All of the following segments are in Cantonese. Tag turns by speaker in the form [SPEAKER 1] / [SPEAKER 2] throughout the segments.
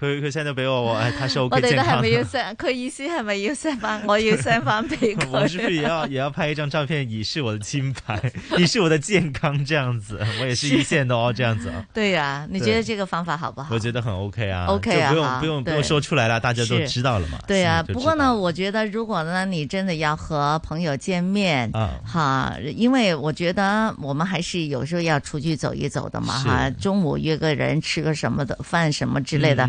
[SPEAKER 1] 可以可以 n d 咗我，我他太瘦，我哋都還沒有
[SPEAKER 2] 三可以 d 佢意思係咪要我有三方 n 我是不是也要
[SPEAKER 1] 也要拍一張照片，以示我的金牌，以示我的健康？這樣子，我也是一線的哦，這樣子。對
[SPEAKER 2] 呀，你覺得這個方法好不好？
[SPEAKER 1] 我覺得很 OK 啊，OK 啊，就不用不用不用說出來了，大家都知道了嘛。對啊，不過
[SPEAKER 2] 呢，我覺得如果呢，你真的要和朋友見面，啊，好，因為我覺得我們還是有時候要出去走一走的嘛，哈，中午約個人吃個什麼的飯什麼之類的。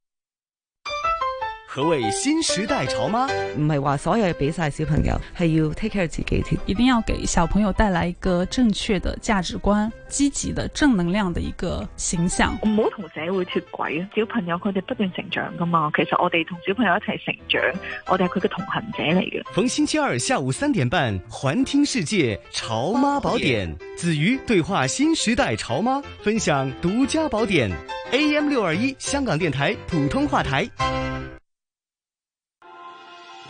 [SPEAKER 3] 何謂新時代潮媽？唔係話所有嘅俾晒小朋友係要 take care 自己添，一定要給小朋友帶來一個正確的價值觀、積極的正能量的一個形象。唔好同社會脫軌啊！小朋友佢哋不斷成長噶嘛，其實我哋同小朋友一齊成
[SPEAKER 4] 長，
[SPEAKER 5] 我哋係佢嘅同行者嚟嘅。逢星期二下午三點半，環聽世界潮媽寶典，子瑜對話新時代潮媽，分享獨家寶典。AM 六二一，香港電台普通話台。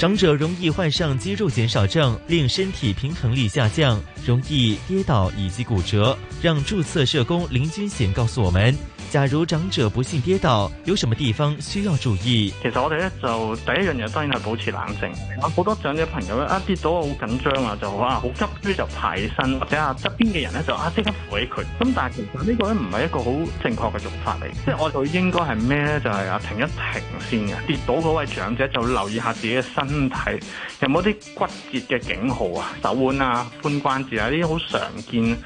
[SPEAKER 1] 長者容易患上肌肉減少症，令身體平衡力下降，容易跌倒以及骨折。讓注冊社工林君賢告訴我們，假如長者不幸跌倒，有什麼地方需要注意？
[SPEAKER 6] 其實我哋咧就
[SPEAKER 7] 第一樣嘢當然係保持冷靜。啊，好多長者朋友咧啊跌倒好緊張啊，就啊好急，跟住就爬起身或者啊側邊嘅人咧就啊即刻扶起佢。咁但係其實呢個咧唔係一個好正確嘅做法嚟，即係我哋應該係咩咧？就係、是、啊停一停先嘅，跌倒嗰位長者就留意下自己嘅身體。身、嗯、有冇啲骨折嘅警號啊？手腕啊、髖關節啊呢啲好常見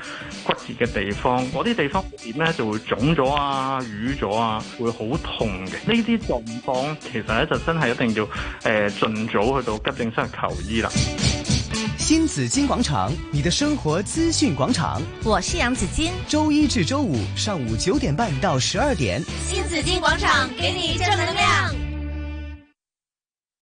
[SPEAKER 7] 骨折嘅地方，我啲地方點咧就會腫咗啊、淤咗啊，會好痛嘅。呢啲狀況其實咧就真係一定要誒盡、呃、早去到急症室求醫啦。
[SPEAKER 5] 新紫荊廣場，你的生活資訊廣場，我是楊子矜，周一至周五上午九點半到十二點，
[SPEAKER 4] 新紫荊廣場給你正能量。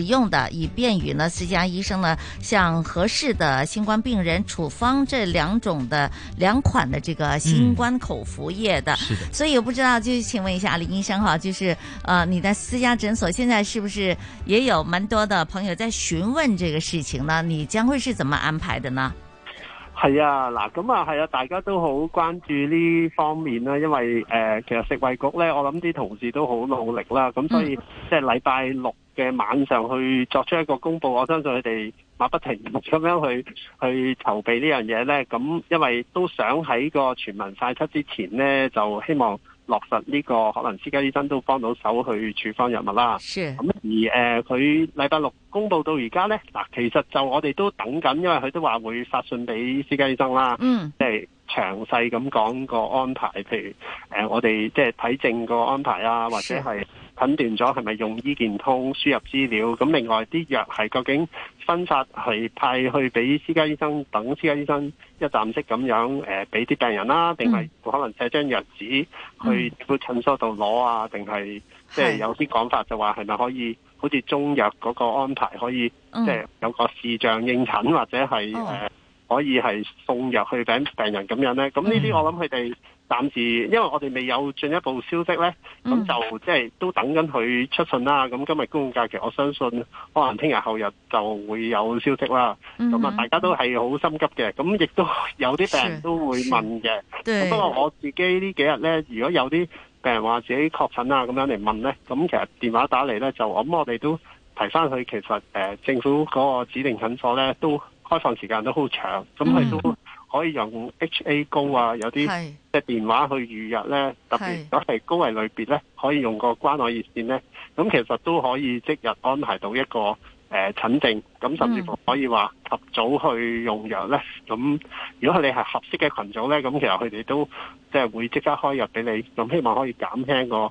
[SPEAKER 2] 使用的，以便於呢，私家醫生呢，向合適的新冠病人處方這兩種的兩款的這個新冠口服液的。嗯、是的。所以我不知道，就是請問一下林醫生哈，就是呃，你的私家診所現在是不是也有蠻多的朋友在詢問這個事情呢？你將會是怎麼安排的呢？
[SPEAKER 7] 係啊，嗱，咁啊，係啊，大家都好關注呢方面啦，因為誒、呃，其實食衛局呢，我諗啲同事都好努力啦，咁所以、嗯、即係禮拜六。嘅晚上去作出一個公布，我相信佢哋馬不停蹄咁樣去去籌備呢樣嘢咧。咁因為都想喺個全民晒出之前咧，就希望落實呢、這個可能私家醫生都幫到手去處方藥物啦。咁是而誒，佢禮拜六公布到而家咧，嗱，其實就我哋都等緊，因為佢都話會發信俾私家醫生啦。嗯。即係詳細咁講個安排，譬如誒、呃，我哋即係睇症個安排啊，或者係。診斷咗係咪用醫健通輸入資料？咁另外啲藥係究竟分法發係派去俾私家醫生，等私家醫生一站式咁樣誒，俾、呃、啲病人啦、啊，定係可能寫張藥紙去診所度攞啊？定係即係有啲講法就話係咪可以好似中藥嗰個安排，可以即係、嗯、有個視像應診，或者係、哦呃、可以係送藥去俾病、病人咁樣咧？咁呢啲我諗佢哋。嗯暫時，因為我哋未有進一步消息呢，
[SPEAKER 8] 咁、嗯、就即
[SPEAKER 7] 係都等緊佢出信啦。咁今日公共假期，我相信可能聽日後日就會有消息啦。咁啊、嗯哼，大家都係好心急嘅，咁亦都有啲病人都會問嘅。
[SPEAKER 8] 咁不過
[SPEAKER 7] 我自己呢幾日呢，如果有啲病人話自己確診啊咁樣嚟問呢，咁其實電話打嚟呢，就咁我哋都提返佢，其實誒、呃、政府嗰個指定診所呢，都開放時間都好長，咁佢都。可以用 HA 高啊，有啲即係電話去預約咧，是特別如果係高危類別咧，可以用個關愛熱線咧，咁其實都可以即日安排到一個誒、呃、診症，咁甚至乎可以話及早去用藥咧。咁如果你係合適嘅群組咧，咁其實佢哋都即係會即刻開藥俾你，咁希望可以減輕個。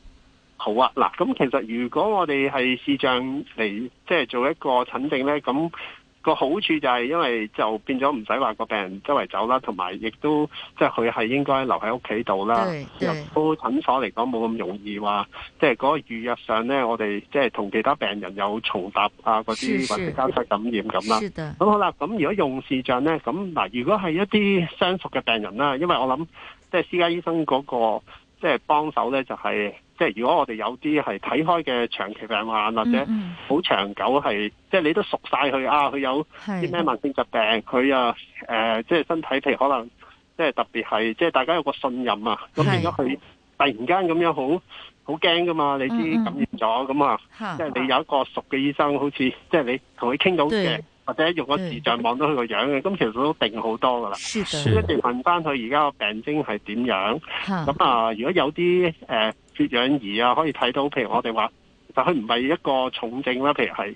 [SPEAKER 7] 好啊！嗱，咁其實如果我哋係視像嚟，即係做一個診症咧，咁個好處就係因為就變咗唔使話個病人周圍走啦，同埋亦都即係佢係應該留喺屋企度啦。入到診所嚟講冇咁容易話，即係嗰個預約上咧，我哋即係同其他病人有重疊啊，嗰啲或者交叉感染咁啦。咁好啦，咁如果用視像咧，咁嗱，如果係一啲相熟嘅病人啦，因為我諗即係私家醫生嗰個即係幫手咧，就係即係如果我哋有啲係睇開嘅長期病患，或者好長久係，係、嗯嗯、即係你都熟晒佢啊。佢有啲咩慢性疾病，佢啊誒，即係身體，譬如可能即係特別係，即係大家有個信任啊。咁如果佢突然間咁樣好好驚噶嘛？你知感染咗咁啊，嗯嗯，即係你有一個熟嘅醫生，好似即係你同佢傾到嘅，的或者用個視像望到佢個樣嘅，咁的其實都定好多噶啦。一定的問翻佢而家個病徵係點樣？咁的啊，如果有啲誒。呃血氧儀啊，可以睇到，譬如我哋話，但佢唔係一個重症啦，譬如係，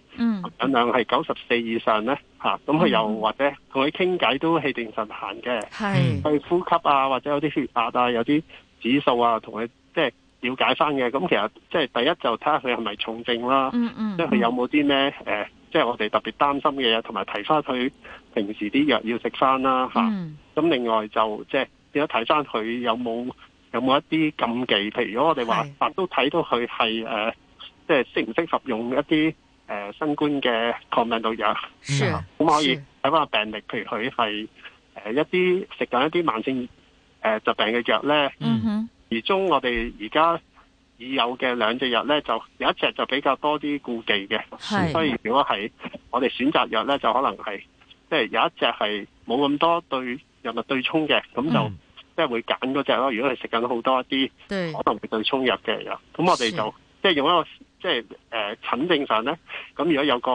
[SPEAKER 7] 盡量係九十四以上咧，吓、嗯，咁佢又或者同佢傾偈都氣定神閒嘅，去、嗯、呼吸啊，或者有啲血壓啊，有啲指數啊，同佢即係了解翻嘅。咁其實即係、就是、第一就睇下佢係咪重症啦，即係佢有冇啲咩誒，即、呃、係、就是、我哋特別擔心嘅嘢，同埋提翻佢平時啲藥要食翻啦，吓、啊。咁、嗯啊、另外就即係點樣睇翻佢有冇？有冇一啲禁忌？譬如如果我哋話，是都睇到佢係誒，即、呃、係、就是、適唔適合用一啲誒、呃、新冠嘅抗病毒藥？咁是可以睇翻是個病歷，譬如佢係誒一啲食緊一啲慢性誒疾病嘅藥咧。嗯哼，而中我哋而家已有嘅兩隻藥咧，就有一隻就比較多啲顧忌嘅。是所以如果係我哋選擇藥咧，就可能係即係有一隻係冇咁多對藥物對沖嘅，咁就，嗯即係會揀嗰隻咯，如果係食緊好多一啲，對可能會對衝入嘅，咁我哋就的即係用一個即係誒診症上咧，咁如果有個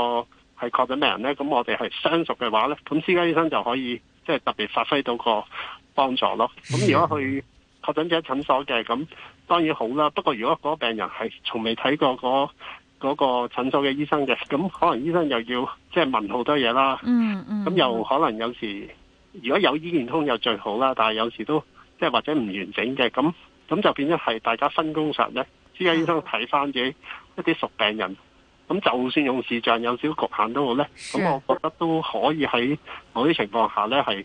[SPEAKER 7] 係確診病人咧，咁我哋係相熟嘅話咧，咁私家醫生就可以即係特別發揮到個幫助咯。咁如果去確診者診所嘅，咁當然好啦。不過如果嗰病人係從未睇過嗰、嗰個嗰個診所嘅醫生嘅，咁可能醫生又要即係問好多嘢啦。嗯，嗯嗯。咁又可能有時。如果有醫健通又最好啦，但係有時都即係或者唔完整嘅，咁咁就變咗係大家分工上呢，私家醫生睇翻自己一啲熟病人，咁就算用視像有少局限都好呢。咁我覺得都可以喺某啲情況下呢係。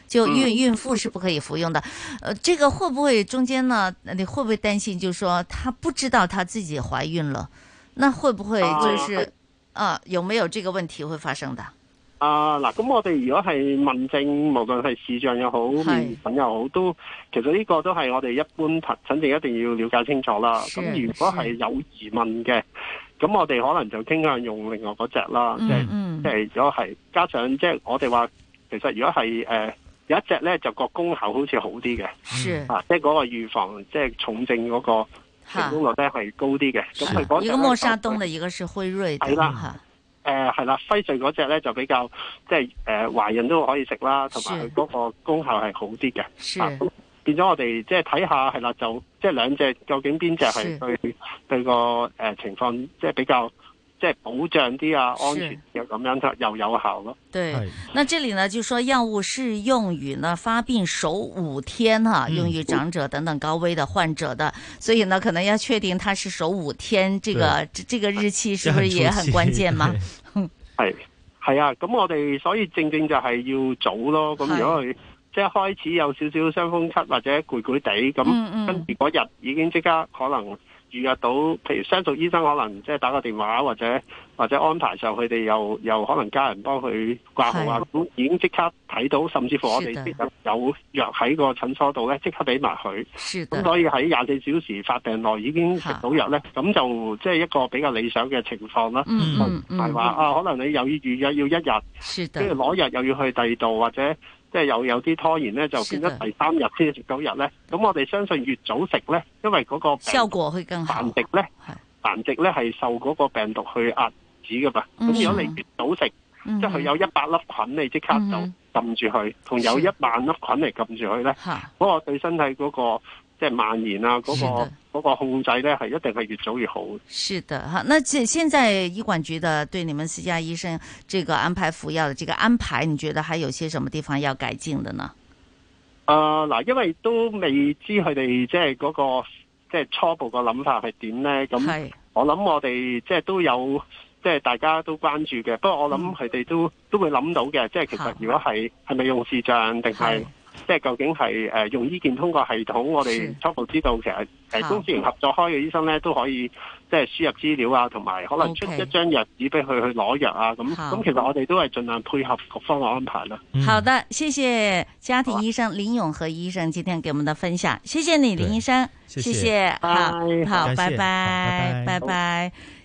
[SPEAKER 2] 就孕孕婦是不可以服用的，嗯、呃，這個會不會中間呢？你會不會擔心，就是說他不知道他自己懷孕了，那會不會就是，啊，是啊，有沒有這個問題會發生的？
[SPEAKER 7] 啊，嗱，咁我哋如果係問症，無論係視像又好，面診又好，是都其實呢個都係我哋一般診診症一定要了解清楚啦。咁是如果係有疑問嘅，咁是我哋可能就傾向用另外嗰隻啦，即係即係如果係加上即係、就是、我哋話，其實如果係誒。呃有一隻咧就個功效好似好啲嘅，是啊，即係嗰個預防即係、就是、重症嗰個成功率咧係哈高啲嘅。咁佢一個默沙東嘅，
[SPEAKER 2] 一個是輝瑞嘅。係啦，
[SPEAKER 7] 誒、啊、係、啊、啦，輝瑞嗰隻咧就比較即係誒，懷、呃、孕都可以食啦，同埋佢嗰個功效係好啲嘅。咁是、啊、變咗我哋即係睇下係啦，就即係兩隻究竟邊隻係對對個誒情況即係比較。即係保障啲啊，安全又咁、啊、是樣又有效咯。
[SPEAKER 2] 對，是那這裏呢就說藥物適用於呢發病首五天哈、啊，嗯、用於長者等等高危的患者的，嗯、所以呢可能要確定它是首五天，這個對這個日期是不是也很關鍵嘛？
[SPEAKER 7] 係係啊，咁我哋所以正正就係要早咯，咁是如果佢即係開始有少少傷風咳或者攰攰地咁，那嗯嗯跟住嗰日已經即刻可能。預約到，譬如相熟醫生可能即係打個電話，或者或者安排上佢哋又又可能家人幫佢掛號啊，咁的已經即刻睇到，甚至乎我哋即有藥喺個診所度咧，即刻俾埋佢。咁的所以喺廿四小時發病內已經食到藥咧，咁的就即係一個比較理想嘅情況啦、嗯嗯。嗯嗯，唔係話啊，可能你又要預約要一日，跟住攞藥又要去第二度或者。即係有有啲拖延咧，就變咗第三日先食九日咧。咁的我哋相信越早食咧，因為嗰個病更好繁殖咧的，繁殖咧係受嗰個病毒去壓止噶嘛。咁、嗯、哼如果你越早食，嗯、哼即係佢有一百粒菌，你即刻就撳住佢；同、嗯、哼有一萬粒菌嚟撳住佢咧，嗰個對身體嗰、嗰個。即係蔓延啊嗰、嗰個的嗰個控制咧，係一定係越早越好。
[SPEAKER 2] 是的吓，那現現在醫管局的對你們私家醫生這個安排服藥的這個安排，你覺得還有些什麼地方要改進的呢？
[SPEAKER 7] 誒，嗱，因為都未知佢哋即係嗰個即係、就是、初步個諗法係點咧？咁，我諗我哋即係都有即係、就是、大家都關注嘅。的不過我諗佢哋都、嗯、都會諗到嘅，即、就、係、是、其實如果係係咪用視像定係？即係究竟係誒、呃、用醫健通過系統，是我哋初步知道其實誒公私營合作開嘅醫生咧都可以即係輸入資料啊，同埋可能出一張藥紙俾佢去攞藥啊。咁咁好其實我哋都係盡量配合各方嘅安排啦、
[SPEAKER 2] 啊。好的，謝謝家庭醫生林永和醫生今天給我們的分享，謝謝你對林醫生，謝謝，好謝好，拜拜 Bye.，拜拜。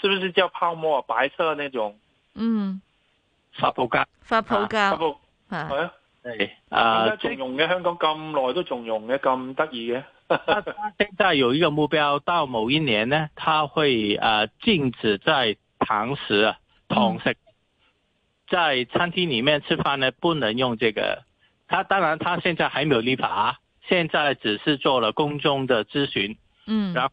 [SPEAKER 9] 是不是叫泡沫白、啊、色那種？嗯，發泡膠。發泡膠。發泡係啊，係啊。點解仲用嘅？的啊、香港咁耐都仲用嘅，咁得意嘅？
[SPEAKER 10] 他現在有一個目標，到某一年呢，他會誒、呃、禁止在堂食、堂食，嗯、在餐廳裏面吃飯呢，不能用這個。他當然，他現在還沒有立法，現在只是做了公眾的諮詢。嗯。然後。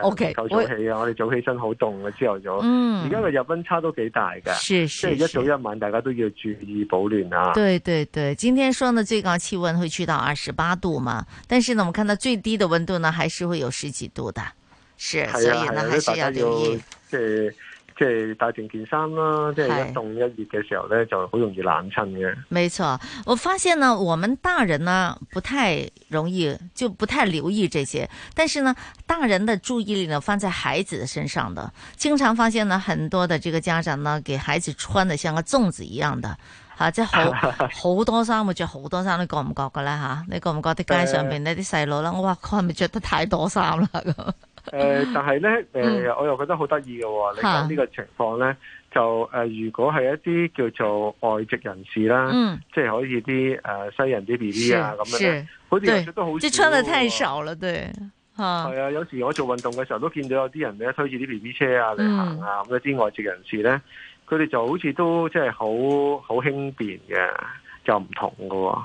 [SPEAKER 6] OK，早起，我早起啊！我哋早起身好凍嘅朝頭早上，而家嘅日温差都幾大㗎，即係、嗯、一早一晚大家都要注意保暖啊！對對
[SPEAKER 2] 對，今天說呢最高氣温會去到二十八度嘛，但是呢，我哋看到最低的温度呢，還是會有十幾度的，是，是啊、所以呢，是還是要留意。
[SPEAKER 6] 即係帶定件衫啦，即係、就是、一凍一熱嘅時候咧，
[SPEAKER 2] 就好容易冷親嘅。沒錯，我發現呢，我們大人呢，不太容易就不太留意這些，但是呢，大人的注意力呢，放在孩子身上的，經常發現呢，很多的這個家長呢，給孩子穿得像個粽子一樣嘅，吓、啊，即係好好多衫，會着好多衫，你覺唔覺嘅咧？吓，你覺唔覺得街上邊呢啲細路啦？我話佢係咪着得太多衫啦
[SPEAKER 8] 咁？
[SPEAKER 6] 誒、呃，但係咧，誒、呃，我又覺得好得意嘅。嗯、你講呢個情況咧，啊、就誒、呃，如果係一啲叫做外籍人士啦，嗯、即係可以啲誒西人啲 B B 啊咁樣咧，好似覺得好舒服。這穿得太
[SPEAKER 2] 少了，對，係啊，啊。
[SPEAKER 6] 有時我做運動嘅時候都見到有啲人咧推住啲 B B 車啊嚟行啊，咁有啲外籍人士咧，佢哋就好似都即係好好輕便嘅，就唔同嘅、哦。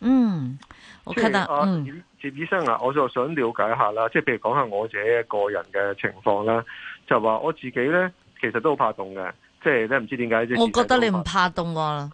[SPEAKER 11] 嗯，我
[SPEAKER 8] 覺
[SPEAKER 6] 得葉葉、嗯啊、醫生啊，我就想了解一下啦，即係譬如講下我自己個人嘅情況啦，就話我自己咧其實都好怕凍嘅，即係咧唔知點解。我覺得
[SPEAKER 2] 你唔怕凍。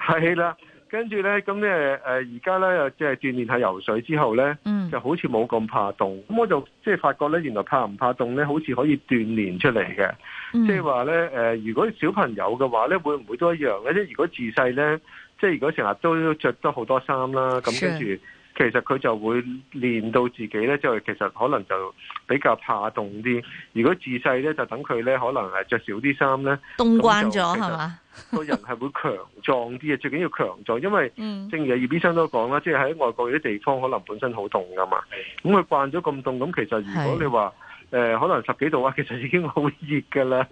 [SPEAKER 2] 係啦，跟住咧咁咧
[SPEAKER 6] 誒，而家咧即係鍛煉下游水之後咧、嗯，就好似冇咁怕凍。咁我就即係發覺咧，原來怕唔怕凍咧，好似可以鍛煉出嚟嘅。即係話咧，誒、呃，如果小朋友嘅話咧，會唔會都一樣咧？即係如果自細咧。即係如果成日都着多好多衫啦，咁跟住其實佢就會練到自己咧，即係其實可能就比較怕凍啲。如果自細咧就等佢咧，可能係着少啲衫咧，凍慣咗係嘛？個人係會強壯啲嘅， 最緊要強壯，因為正如葉醫生都講啦，即係喺外國啲地方可能本身好凍噶嘛。咁佢慣咗咁凍，咁其實如果你話誒是、呃、可能十幾度啊，其實已經好熱噶啦，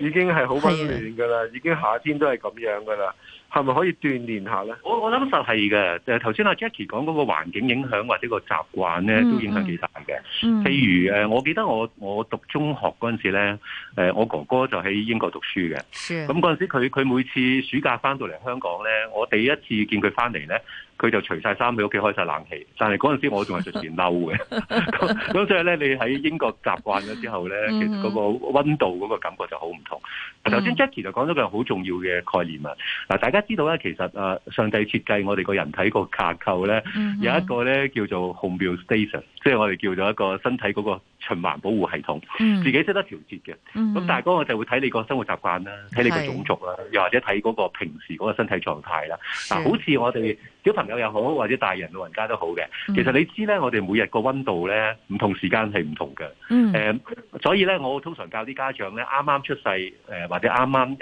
[SPEAKER 6] 已經係好溫暖噶啦，的已經夏天都係咁樣噶啦。係咪可以鍛鍊下咧？我
[SPEAKER 11] 我諗實係嘅，誒頭先阿 Jackie 講嗰個環境影響或者個習慣咧，嗯、都影響幾大嘅。嗯、譬如誒，我記得我我讀中學嗰陣時咧，誒我哥哥就喺英國讀書嘅。咁嗰陣時佢佢每次暑假翻到嚟香港咧，我第一次見佢翻嚟咧，佢就除晒衫喺屋企開晒冷氣。但係嗰陣時我仲係在前嬲嘅。咁 所以咧，你喺英國習慣咗之後咧，其實嗰個溫度嗰個感覺就好唔同。頭先 Jackie 就講咗個好重要嘅概念啊！嗱，大家，知道咧，其實誒上帝設計我哋個人體個架構咧，有一個咧叫做 homeostasis。即係我哋叫做一個身體嗰個循環保護系統，嗯、自己識得調節嘅。咁、嗯、但係嗰個就會睇你個生活習慣啦，睇、嗯、你嘅種族啦，是又或者睇嗰個平時嗰個身體狀態啦。嗱是、啊，好似我哋小朋友又好，或者大人老人家都好嘅。其實你知咧，我哋每日個溫度咧，唔同時間係唔同嘅、嗯呃。所以咧，我通常教啲家長咧，啱啱出世、呃、或者啱啱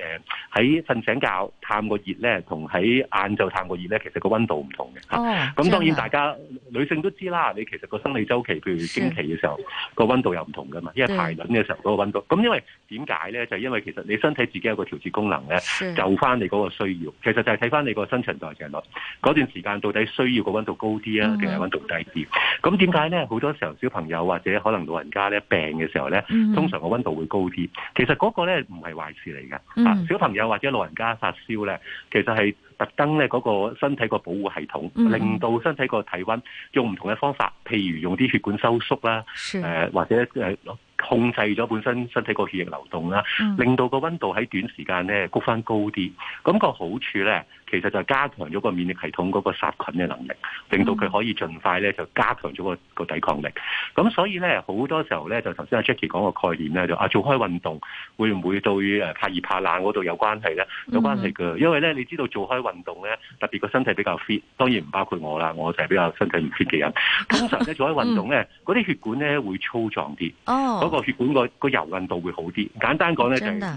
[SPEAKER 11] 喺瞓醒覺探個熱咧，同喺晏晝探個熱咧，其實個溫度唔同嘅。
[SPEAKER 8] 咁、哦啊、當然大家
[SPEAKER 11] 的女性都知啦，你其實個生理周期，譬如經期嘅時候，個溫的度又唔同噶嘛，因為排卵嘅時候嗰個溫度。咁的因為點解咧？就是、因為其實你身體自己有個調節功能咧，就翻的你嗰個需要。其實就係睇翻你個新陳代謝率，嗰、就是、段時間到底需要個溫度高啲啊，定係溫度低啲？咁點解咧？好多時候小朋友或者可能老人家咧病嘅時候咧，的通常個溫度會高啲。其實嗰個咧唔係壞事嚟噶的、啊。小朋友或者老人家發燒咧，其實係。特登咧，嗰個身體個保護系統令到身體個體溫用唔同嘅方法，譬如用啲血管收縮啦，誒是、呃，或者即係。控制咗本身身體個血液流動啦，嗯、令到個溫度喺短時間咧焗翻高啲。咁、個好處咧，其實就係加強咗個免疫系統嗰個殺菌嘅能力，令到佢可以盡快咧就加強咗個抵抗力。咁、嗯、所以咧好多時候咧，就頭先阿 Jackie 講個概念咧，就啊做開運動會唔會對誒怕熱怕冷嗰度有關係咧？嗯、有關係㗎，因為咧你知道做開運動咧，特別個身體比較 fit，當然唔包括我啦，我就係比較身體唔 fit 嘅人。通常咧做開運動咧，嗰啲、嗯、血管咧會粗壯啲。哦。那個個血管個個柔韌度會好啲，簡單講咧就係年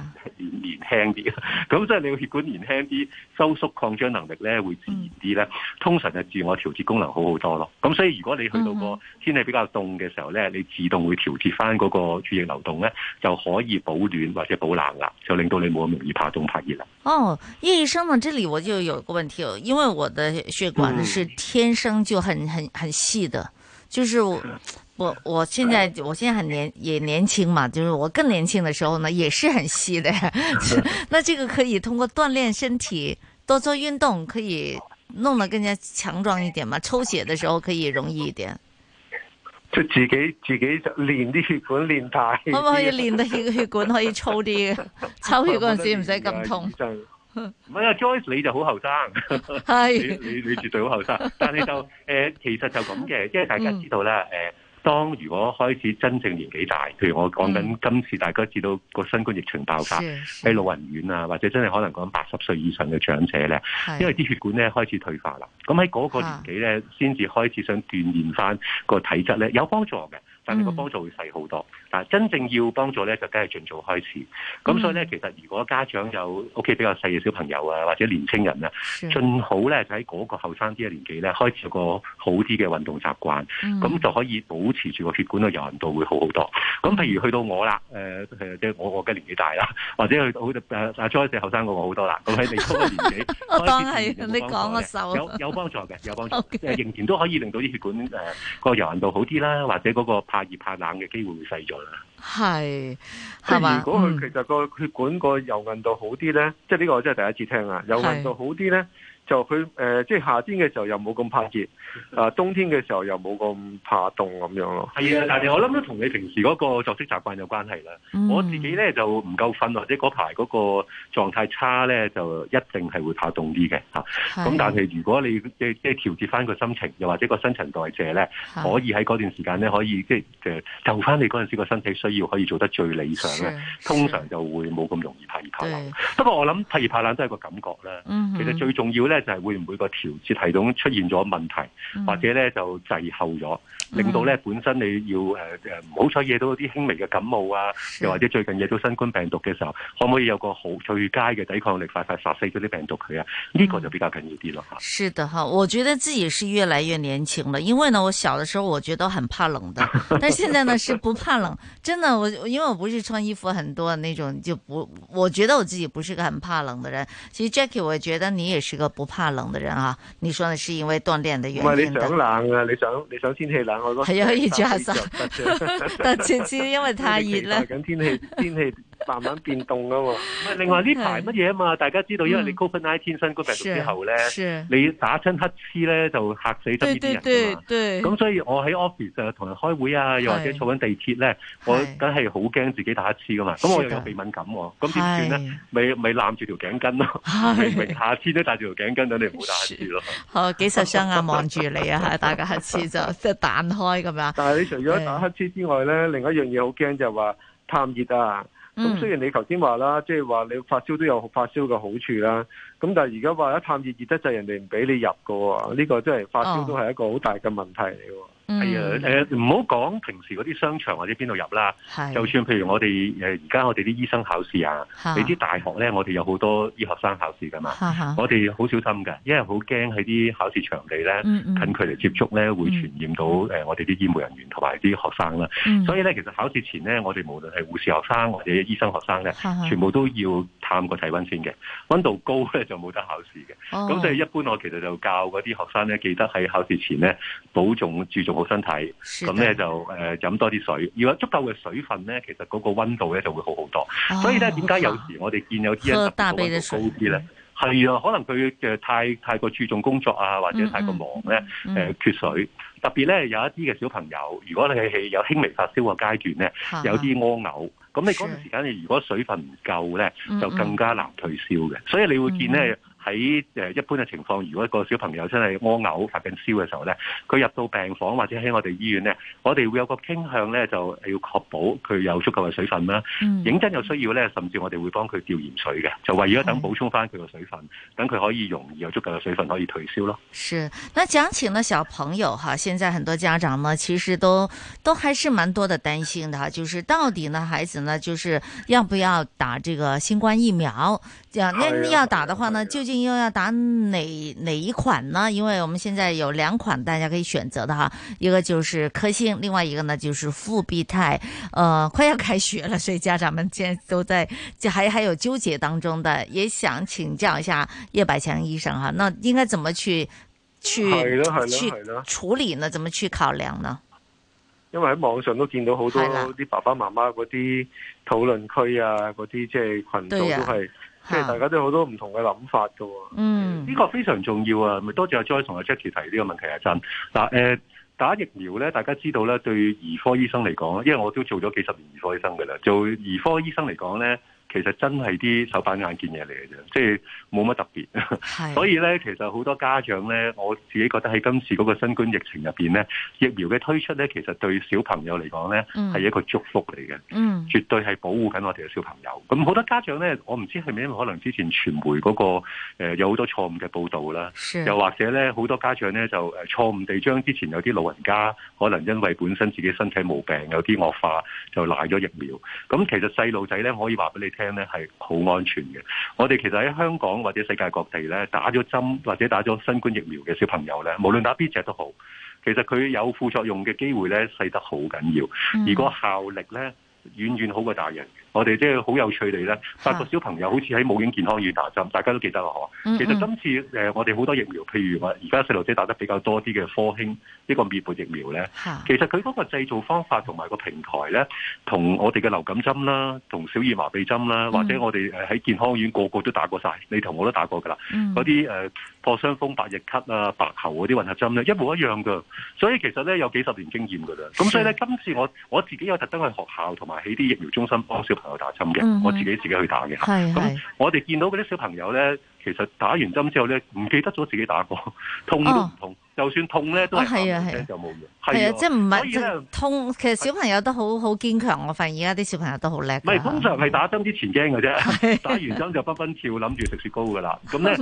[SPEAKER 11] 年輕啲，咁即係你個血管年輕啲，收縮擴張能力咧會自然啲咧，嗯、通常就自我調節功能好好多咯。咁所以如果你去到個天氣比較凍嘅時候咧，你自動會調節翻嗰個血液流動咧，就可以保暖或者保冷啦，就令到你冇咁容易怕凍怕熱啦。
[SPEAKER 2] 哦，葉醫生啊，這裡我就有一個問題，因為我嘅血管呢，是天生就很很、嗯、很細的，就是我。 我我現在我現在很年也年輕嘛，就是我更年輕的時候呢，也是很細的。 那這個可以通過鍛煉身體，多做運動，可以弄得更加強壯一點嘛？抽血的時候可以容易一點。
[SPEAKER 6] 就自己自己練啲血管練大 可不可練管，可唔可以練
[SPEAKER 2] 啲血血管可以粗啲？抽血嗰陣時唔使咁痛。
[SPEAKER 6] 唔係 啊，Joyce 你就好後生，係 你你 你絕對好後
[SPEAKER 11] 生，但係就誒、呃、其實就咁嘅，即係大家知道啦誒。 嗯當如果開始真正年紀大，譬如我講緊今次大家知道個新冠疫情爆發喺老人院啊，或者真係可能講八十歲以上嘅長者咧，因為啲血管咧開始退化啦，咁喺嗰個年紀咧，先至開始想鍛鍊翻個體質咧，有幫助嘅。但係個幫助會細好多。嗱、嗯，但真正要幫助咧，就梗係盡早開始。咁、嗯、所以咧，其實如果家長有屋企比較細嘅小朋友啊，或者年青人啊盡、嗯、好咧就喺嗰個後生啲嘅年紀咧，開始有個好啲嘅運動習慣，咁、嗯、就可以保持住個血管嘅柔韌度會好好多。咁譬如去到我啦，誒即係我我年紀大啦，或者去到好似誒再後生過我好多啦，咁喺 你嗰個年紀，我講係你
[SPEAKER 2] 講我手有
[SPEAKER 11] 有幫助嘅， 有幫助，有幫助、 呃，仍然都可以令到啲血管誒、呃嗰個柔韌度好啲啦，或者嗰、嗰個。怕熱怕冷嘅
[SPEAKER 6] 機會會細咗啦，
[SPEAKER 2] 係，即係如果佢
[SPEAKER 6] 其實個血管個柔韌度好啲咧，嗯、即係呢個我真係第一次聽啊，柔韌度好啲咧。是呢就佢誒、呃，即係夏天嘅時候又冇咁怕熱，啊冬天嘅時候又冇咁怕凍咁樣咯。
[SPEAKER 8] 係啊，但係我諗都
[SPEAKER 11] 同你平時嗰個作息習慣有關係啦。
[SPEAKER 8] 嗯、
[SPEAKER 12] 我
[SPEAKER 11] 自己咧就唔夠瞓，或者嗰排嗰個狀態差咧，就一定係會怕凍啲嘅吓。咁但係如果你即即係調節翻個心情，又或者個新陳代謝咧的，可以喺嗰段時間咧可以即係誒就翻你嗰陣時個身體需要，可以做得最理想咧，通常就會冇咁容易怕熱怕冷。不過的我諗怕熱怕冷都係個感覺啦。嗯、哼其實最重要咧。就係會唔會個調節系統出現咗問題，嗯、或者咧就滯後咗，令到咧本身你要誒誒，好、呃、彩惹到啲輕微嘅感冒啊，是又或者最近惹到新冠病毒嘅時候，可唔可以有個好最佳嘅抵抗力，快快殺死咗啲病毒佢啊？呢、這個就比較緊要啲咯。
[SPEAKER 2] 是的，我覺得自己是越來越年輕了，因為呢，我小的時候我覺得很怕冷的，但現在呢是不怕冷，真的我因為我不是穿衣服很多嘅那種，就不我覺得我自己不是個很怕冷的人。其實 Jacky，我覺得你也是個不。怕冷的人啊，你說呢是因為鍛煉的原因的，唔係你想
[SPEAKER 6] 冷啊，你想你想天氣冷我都，係可以着衫，
[SPEAKER 2] 但前次因為太熱啦。咁
[SPEAKER 6] 天氣天氣。 慢慢變凍㗎
[SPEAKER 2] 嘛！另外呢
[SPEAKER 7] 排
[SPEAKER 11] 乜嘢啊嘛？大家知道，因為你 COVID-19 新冠病毒之後咧，你打親乞嗤咧就嚇死得別啲人噶嘛。對對
[SPEAKER 8] 對，咁所
[SPEAKER 11] 以我喺 office 就同人開會啊，又或者坐緊地鐵咧，我梗係好驚自己打乞嗤噶嘛。咁我又有鼻敏感，咁點算咧？咪咪攬住條頸巾咯，明咪夏天都戴住條頸巾，等你唔好打乞嗤
[SPEAKER 2] 咯。好，幾十箱啊，望住你啊，吓打個乞嗤就即係彈開咁樣。但係你除咗打乞嗤之外咧，
[SPEAKER 6] 另一樣嘢好驚就係話探熱啊。咁、嗯、雖然你頭先話啦，即係話你發燒都有發燒嘅好處啦，咁但係而家話一探熱熱得滯，人哋唔俾你入個喎，呢個真係發燒都係一個好大嘅問題嚟喎。
[SPEAKER 8] 係啊，唔
[SPEAKER 11] 好講平
[SPEAKER 6] 時嗰啲商場
[SPEAKER 11] 或者邊度入啦。是就算譬如我哋而家我哋啲醫生考試啊，你知大學咧，我哋有好多醫學生考試㗎嘛。啊、我哋好小心㗎，因為好驚喺啲考試場地咧近距離接觸咧會傳染到我哋啲醫務人員同埋啲學生啦。啊、所以咧，其實考試前咧，我哋無論係護士學生或者醫生學生咧，啊、全部都要探個體温先嘅，温度高咧就冇得考試嘅。咁所以一般我其實就教嗰啲學生咧，記得喺考試前咧保重注重。好身體，咁咧就誒飲、呃、多啲水，如果足夠嘅水分咧，其實嗰個溫度咧就會好好多。哦、所以咧，點解有時我哋見有啲人溫度高啲咧？係啊，可能佢嘅、呃、太太過注重工作啊，或者太過忙咧，誒、嗯嗯嗯呃、缺水。特別咧有一啲嘅小朋友，如果你係有輕微發燒嘅階段咧，啊、有啲屙嘔，咁你嗰段時間你如果水分唔夠咧，的就更加難退燒嘅。嗯嗯所以你會見咧。嗯喺誒一般嘅情況，如果一個小朋友真係屙嘔、發緊燒嘅時候呢，佢入到病房或者喺我哋醫院呢，我哋會有一個傾向呢，就要確保佢有足夠嘅水分啦。嗯、認真有需要呢，甚至我哋會幫佢調鹽水嘅，就為咗等補充翻佢嘅水分，等佢是可以容易有足夠嘅水分可以退燒咯。
[SPEAKER 2] 是，那講起呢小朋友哈，現在很多家長呢，其實都都還是蠻多的擔心嘅，哈，就是到底呢孩子呢，就是要不要打這個新冠疫苗？要，那要打嘅話呢，啊、究竟？又要打哪哪一款呢？因為我們現在有兩款大家可以選擇的哈，一個就是科興，另外一個呢就是復必泰。呃，快要開學了，所以家長們現在都在還還有糾結當中的，也想請教一下葉柏強醫生哈。那應該怎麼去去，去處理呢？怎麼去考量呢？
[SPEAKER 6] 因為喺網上都見到好多啲爸爸媽媽嗰啲討論區啊，嗰啲即係群組都係、啊。即係大家都有好多唔同嘅諗法噶，嗯，呢個非常重要啊！咪多謝阿 Joy 同阿 Jacky 提
[SPEAKER 11] 呢個問題啊，真嗱誒，打疫苗咧，大家知道咧，對兒科醫生嚟講，因為我都做咗幾十年兒科醫生噶啦，做兒科醫生嚟講咧。其實真係啲手板眼見嘢嚟嘅啫，即係冇乜特別。 是所以咧，其實好多家長咧，我自己覺得喺今次嗰個新冠疫情入邊咧，疫苗嘅推出咧，其實對小朋友嚟講咧，係、嗯、一個祝福嚟嘅，嗯、絕對係保護緊我哋嘅小朋友。咁好多家長咧，我唔知係咪因為可能之前傳媒嗰、那個誒、呃、有好多錯誤嘅報道啦，是又或者咧好多家長咧就錯誤地將之前有啲老人家可能因為本身自己身體毛病，有啲惡化就賴咗疫苗。咁其實細路仔咧可以話俾你聽。係好安全嘅，我哋其實喺香港或者世界各地咧打咗針或者打咗新冠疫苗嘅小朋友咧，無論打邊隻都好，其實佢有副作用嘅機會咧細得好緊要，而個效力咧遠遠好過大人。 我哋即係好有趣地咧，發覺小朋友好似喺母嬰健康院打針，大家都記得啦，嗬。其實今次我哋好多疫苗，譬如話而家細路仔打得比較多啲嘅科興呢個滅活疫苗咧，其實佢嗰個製造方法同埋個平台咧，同我哋嘅流感針啦，同小兒麻痹針啦，或者我哋喺健康院個個,個都打過晒，你同我都打過㗎啦。嗰啲破傷風、百日咳啊、白喉嗰啲混合針咧，一模一樣㗎。所以其實咧有幾十年經驗㗎啦。咁所以咧今次我我自己有特登去學校同埋喺啲疫苗中心幫小。我打針嘅，我自己自己去打嘅。咁、mm hmm. 我哋見到嗰啲小朋友咧，其實打完針之後咧，唔記得咗自己打過，痛都唔痛。Oh. 就算痛咧都係，就冇用。係啊，即係唔
[SPEAKER 2] 係？痛，其實小朋友都好好堅強。我發現而家啲小朋友都好叻。唔係通常
[SPEAKER 11] 係打針之前驚嘅啫，打完針就奔奔跳，諗住食雪糕嘅啦。咁咧，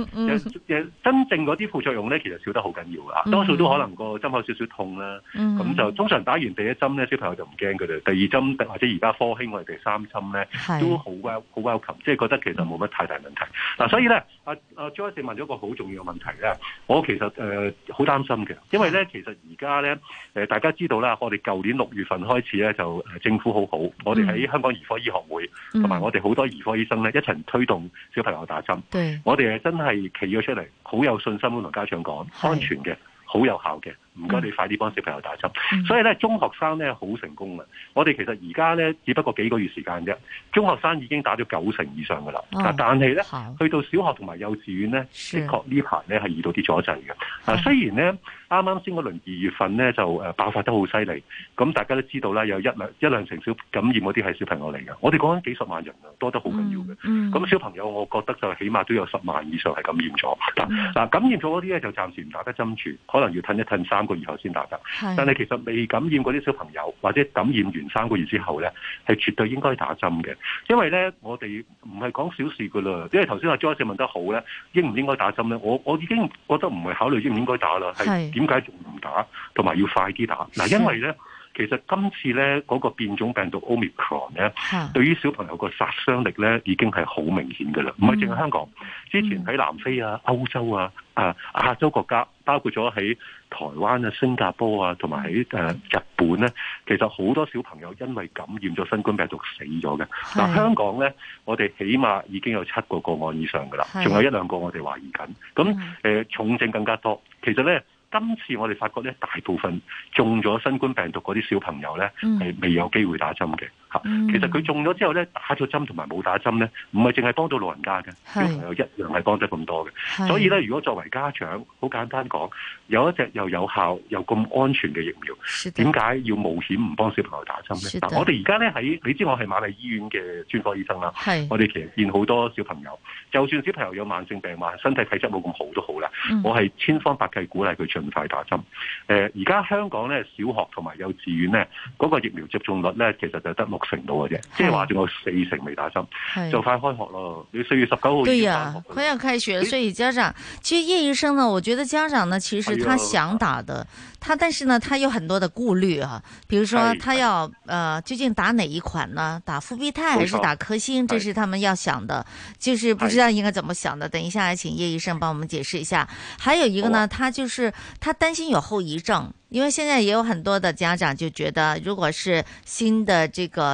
[SPEAKER 11] 真正嗰啲副作用咧，其實少得好緊要啊。多數都可能個針口少少痛啦。咁就通常打完第一針咧，小朋友就唔驚佢哋；第二針或者而家科興或者第三針咧，都好 well 好 well 即係覺得其實冇乜太大問題。嗱，所以咧，阿阿 Joyce 問咗一個好重要嘅問題咧，我其實誒好擔心嘅，因為咧，其實而家咧，誒、呃，大家知道啦，我哋舊年六月份開始咧，就、呃、政府好好，我哋喺香港兒科醫學會，同埋我哋好多兒科醫生咧，一齊推動小朋友打針，對我哋係真係企咗出嚟，好有信心咁同家長講，安全嘅，好有效嘅。唔該，你快啲幫小朋友打針。嗯、所以咧，中學生咧好成功嘅。我哋其實而家咧，只不過幾個月時間啫。中學生已經打咗九成以上㗎啦。嗯、但係咧，嗯、去到小學同埋幼稚園咧，是的確呢排咧係遇到啲阻滯嘅。嗱、啊，雖然咧啱啱先嗰輪二月份咧就誒爆發得好犀利，咁大家都知道啦，有一兩一兩成小感染嗰啲係小朋友嚟嘅。我哋講緊幾十萬人，多得好緊要嘅。咁、嗯嗯、小朋友我覺得就起碼都有十萬以上係感染咗。嗱，嗯、感染咗嗰啲咧就暫時唔打得針住，可能要褪一褪衫。個後先打針，但係其實未感染過嗰啲小朋友或者感染完三個月之後咧，係絕對應該打針嘅。因為咧，我哋唔係講小事噶啦。因為頭先阿 Joyce 問得好咧，應唔應該打針咧？我我已經覺得唔係考慮應唔應該打啦，係點解仲唔打？同埋要快啲打嗱，因為咧。其實今次咧嗰個變種病毒 Omicron 咧，是的 對於小朋友個殺傷力咧已經係好明顯嘅啦。唔係淨係香港，之前喺南非啊、歐洲啊、啊亞洲國家，包括咗喺台灣啊、新加坡啊，同埋喺誒日本咧，其實好多小朋友因為感染咗新冠病毒死咗嘅。嗱，是的 香港咧，我哋起碼已經有七個個案以上嘅啦，仲是的 有一兩個我哋懷疑緊。咁是的、呃、重症更加多。其實咧。今次我哋發覺呢，大部分中咗新冠病毒嗰啲小朋友呢，係未有機會打針嘅。嗯、其實佢中咗之後咧，打咗針同埋冇打針咧，唔係淨係幫到老人家嘅是小朋友一樣係幫得咁多嘅。是所以咧，如果作為家長，好簡單講，有一隻又有效又咁安全嘅疫苗，點解的要冒險唔幫小朋友打針咧？嗱的，但我哋而家咧喺你知我係瑪麗醫院嘅專科醫生啦，是我哋其實見好多小朋友，就算小朋友有慢性病患，身體體質冇咁好都好啦，嗯、我係千方百計鼓勵佢儘快打針。呃、而家香港咧小學同埋幼稚園咧嗰個疫苗接種率咧，其實就得成到嘅啫，即係話仲有四成未打針，就快開學咯。你四月十九號要開學。
[SPEAKER 2] 對呀，快要開學，所以家長，其實葉醫生呢，我覺得家長呢，其實他想打的，他，但是呢，他有很多的顧慮啊，比如說，他要，呃，究竟打哪一款呢？打復必泰還是打科興？這是他們要想的，就是不知道應該怎麼想的。等一下，請葉醫生幫我們解釋一下。還有一個呢，他就是他擔心有後遺症，因為現在也有很多的家長就覺得，如果是新的這個。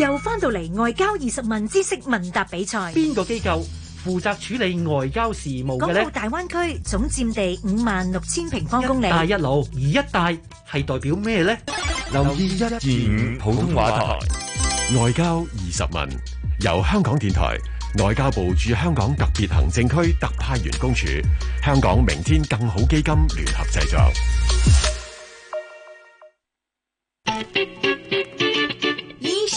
[SPEAKER 2] 又翻到嚟外交二十問知識問答比賽，邊個
[SPEAKER 12] 機構負責處理外交事務嘅呢？港澳大
[SPEAKER 2] 灣區總佔地五萬六千平方公里。一帶一
[SPEAKER 12] 路，而一帶係代表咩呢？留意一、二、五普通話台，外交二
[SPEAKER 11] 十問由香港電台、外交部駐香港特別行政區特派員公署、香港明天更好基金聯合製作。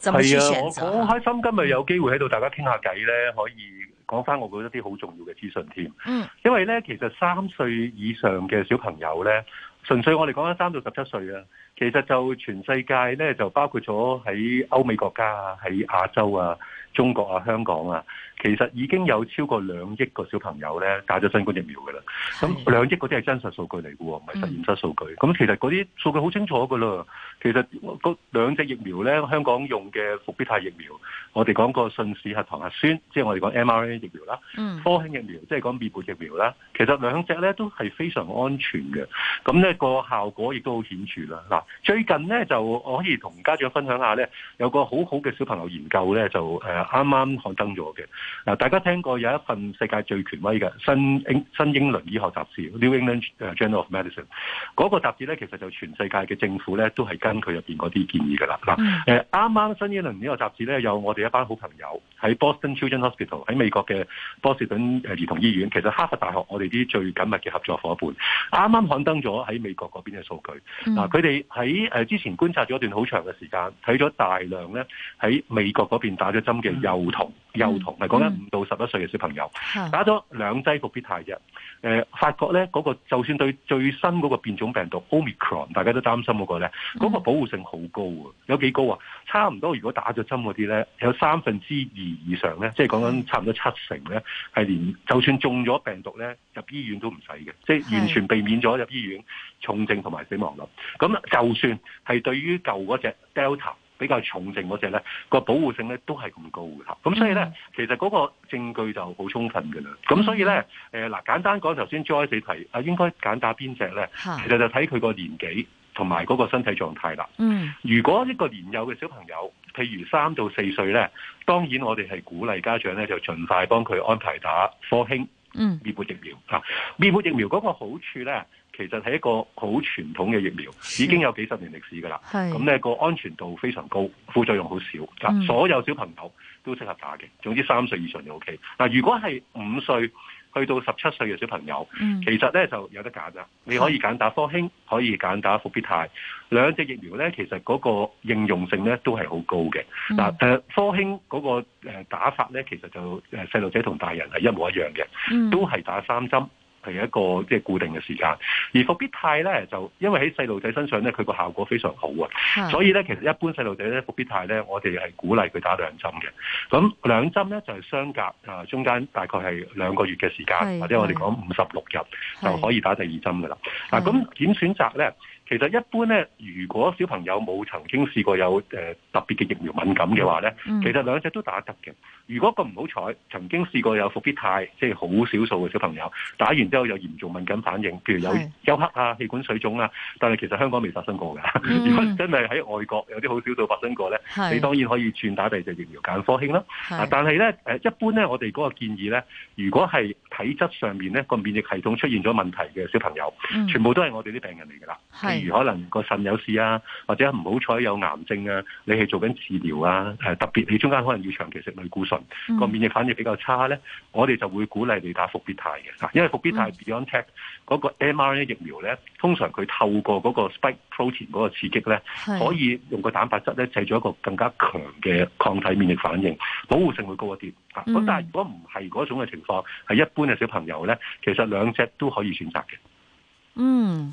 [SPEAKER 11] 係啊，我好開心今日有機會喺度大家傾下偈咧，可以講翻我嗰一啲好重要嘅資訊添。嗯，因為咧其實三歲以上嘅小朋友咧，純粹我哋講緊三到十七歲啊，其實就全世界咧就包括咗喺歐美國家啊，喺亞洲啊、中國啊、香港啊。其實已經有超過兩億個小朋友咧打咗新冠疫苗嘅啦。咁兩億嗰啲係真實數據嚟嘅喎，唔係實驗室數據。咁的、嗯、其實嗰啲數據好清楚嘅咯。其實嗰兩隻疫苗咧，香港用嘅復必泰疫苗，我哋講過信使核糖核酸，即係我哋講 mRNA 疫苗啦。嗯。科興疫苗，即係講滅活疫苗啦。其實兩隻咧都係非常安全嘅。咁、那、咧個效果亦都好顯著啦。嗱，最近咧就我可以同家長分享下咧，有個好好嘅小朋友研究咧就誒啱啱刊登咗嘅。嗱，大家聽過有一份世界最權威嘅新英新英倫醫學雜誌《New England Journal of Medicine》，嗰個雜誌咧其實就全世界嘅政府咧都係跟佢入面嗰啲建議嘅啦。嗱、嗯，誒啱啱新英倫呢個雜誌咧有我哋一班好朋友喺 Boston Children Hospital 喺美國嘅波士頓誒兒童醫院，其實哈佛大學我哋啲最緊密嘅合作伙伴，啱啱刊登咗喺美國嗰邊嘅數據。嗱、嗯，佢哋喺之前觀察咗一段好長嘅時間，睇咗大量咧喺美國嗰邊打咗針嘅幼童。嗯嗯幼童係講緊五到十一歲嘅小朋友、嗯、打咗兩劑復必泰啫，誒、呃，發覺咧嗰個就算對最新嗰個變種病毒 Omicron 大家都擔心嗰個咧，嗰、嗰個保護性好高啊！有幾高啊？差唔多如果打咗針嗰啲咧，有三分之二以上咧，即係講緊差唔多七成咧，係、嗯、連就算中咗病毒咧入醫院都唔使嘅，即、就、係、係、完全避免咗入醫院重症同埋死亡率。咁就算係對於舊嗰隻 Delta。比較重症嗰隻咧，個保護性咧都係咁高，咁所以咧，mm hmm. 其實嗰個證據就好充分嘅啦。咁所以咧，誒嗱、mm hmm. 呃，簡單講頭先 Joy 四題，啊應該揀打邊隻咧？Mm hmm. 其實就睇佢個年紀同埋嗰個身體狀態啦。嗯、mm，hmm. 如果一個年幼嘅小朋友，譬如三到四歲咧，當然我哋係鼓勵家長咧就盡快幫佢安排打科興嗯、
[SPEAKER 8] mm hmm. 滅
[SPEAKER 11] 活疫苗啊，滅活疫苗嗰個好處咧。其實係一個好傳統嘅疫苗，已經有幾十年歷史㗎啦。咁呢個安全度非常高，副作用好少。嗱、嗯，所有小朋友都適合打嘅。總之三歲以上就 O K。嗱，如果係五歲去到十七歲嘅小朋友，嗯、其實呢就有得揀啦。你可以揀打科興，是可以揀打復必泰。兩隻疫苗呢，其實嗰個應用性呢都係好高嘅。嗱、嗯，科興嗰個打法呢，其實就誒細路仔同大人係一模一樣嘅，嗯、都係打三針。係一個即係固定嘅時間，而復必泰咧就因為喺細路仔身上咧，佢個效果非常好啊，是的 所以咧其實一般細路仔咧復必泰咧，我哋係鼓勵佢打兩針嘅。咁兩針咧就係、是、相隔啊，中間大概係兩個月嘅時間，是的 或者我哋講五十六日是的 就可以打第二針嘅啦。嗱是的、啊，咁點選擇咧？其實一般咧，如果小朋友冇曾經試過有、呃、特別嘅疫苗敏感嘅話咧，嗯、其實兩隻都打得嘅。如果個唔好彩曾經試過有復必泰，即、就、係、是、好少數嘅小朋友打完之後有嚴重敏感反應，譬如有休克是啊、氣管水腫啊，但係其實香港未發生過㗎。嗯、如果真係喺外國有啲好少數發生過咧，是你當然可以轉打第二隻疫苗揀科興啦。是啊、但係咧一般咧我哋嗰個建議咧，如果係體質上面咧、個免疫系統出現咗問題嘅小朋友，嗯、全部都係我哋啲病人嚟㗎啦。如可能個腎有事啊，或者唔好彩有癌症啊，你係做緊治療啊，誒特別你中間可能要長期食類固醇，個、嗯、免疫反應比較差咧，我哋就會鼓勵你打復必泰嘅，因為復必泰、嗯、BioNTech 嗰個 mRNA 疫苗咧，通常佢透過嗰個 spike protein 嗰個刺激咧，是可以用個蛋白質咧製造一個更加強嘅抗體免疫反應，保護性會高一啲。咁、嗯、但係如果唔係嗰種嘅情況，係一般嘅小朋友咧，其實兩隻都可以選擇嘅。嗯。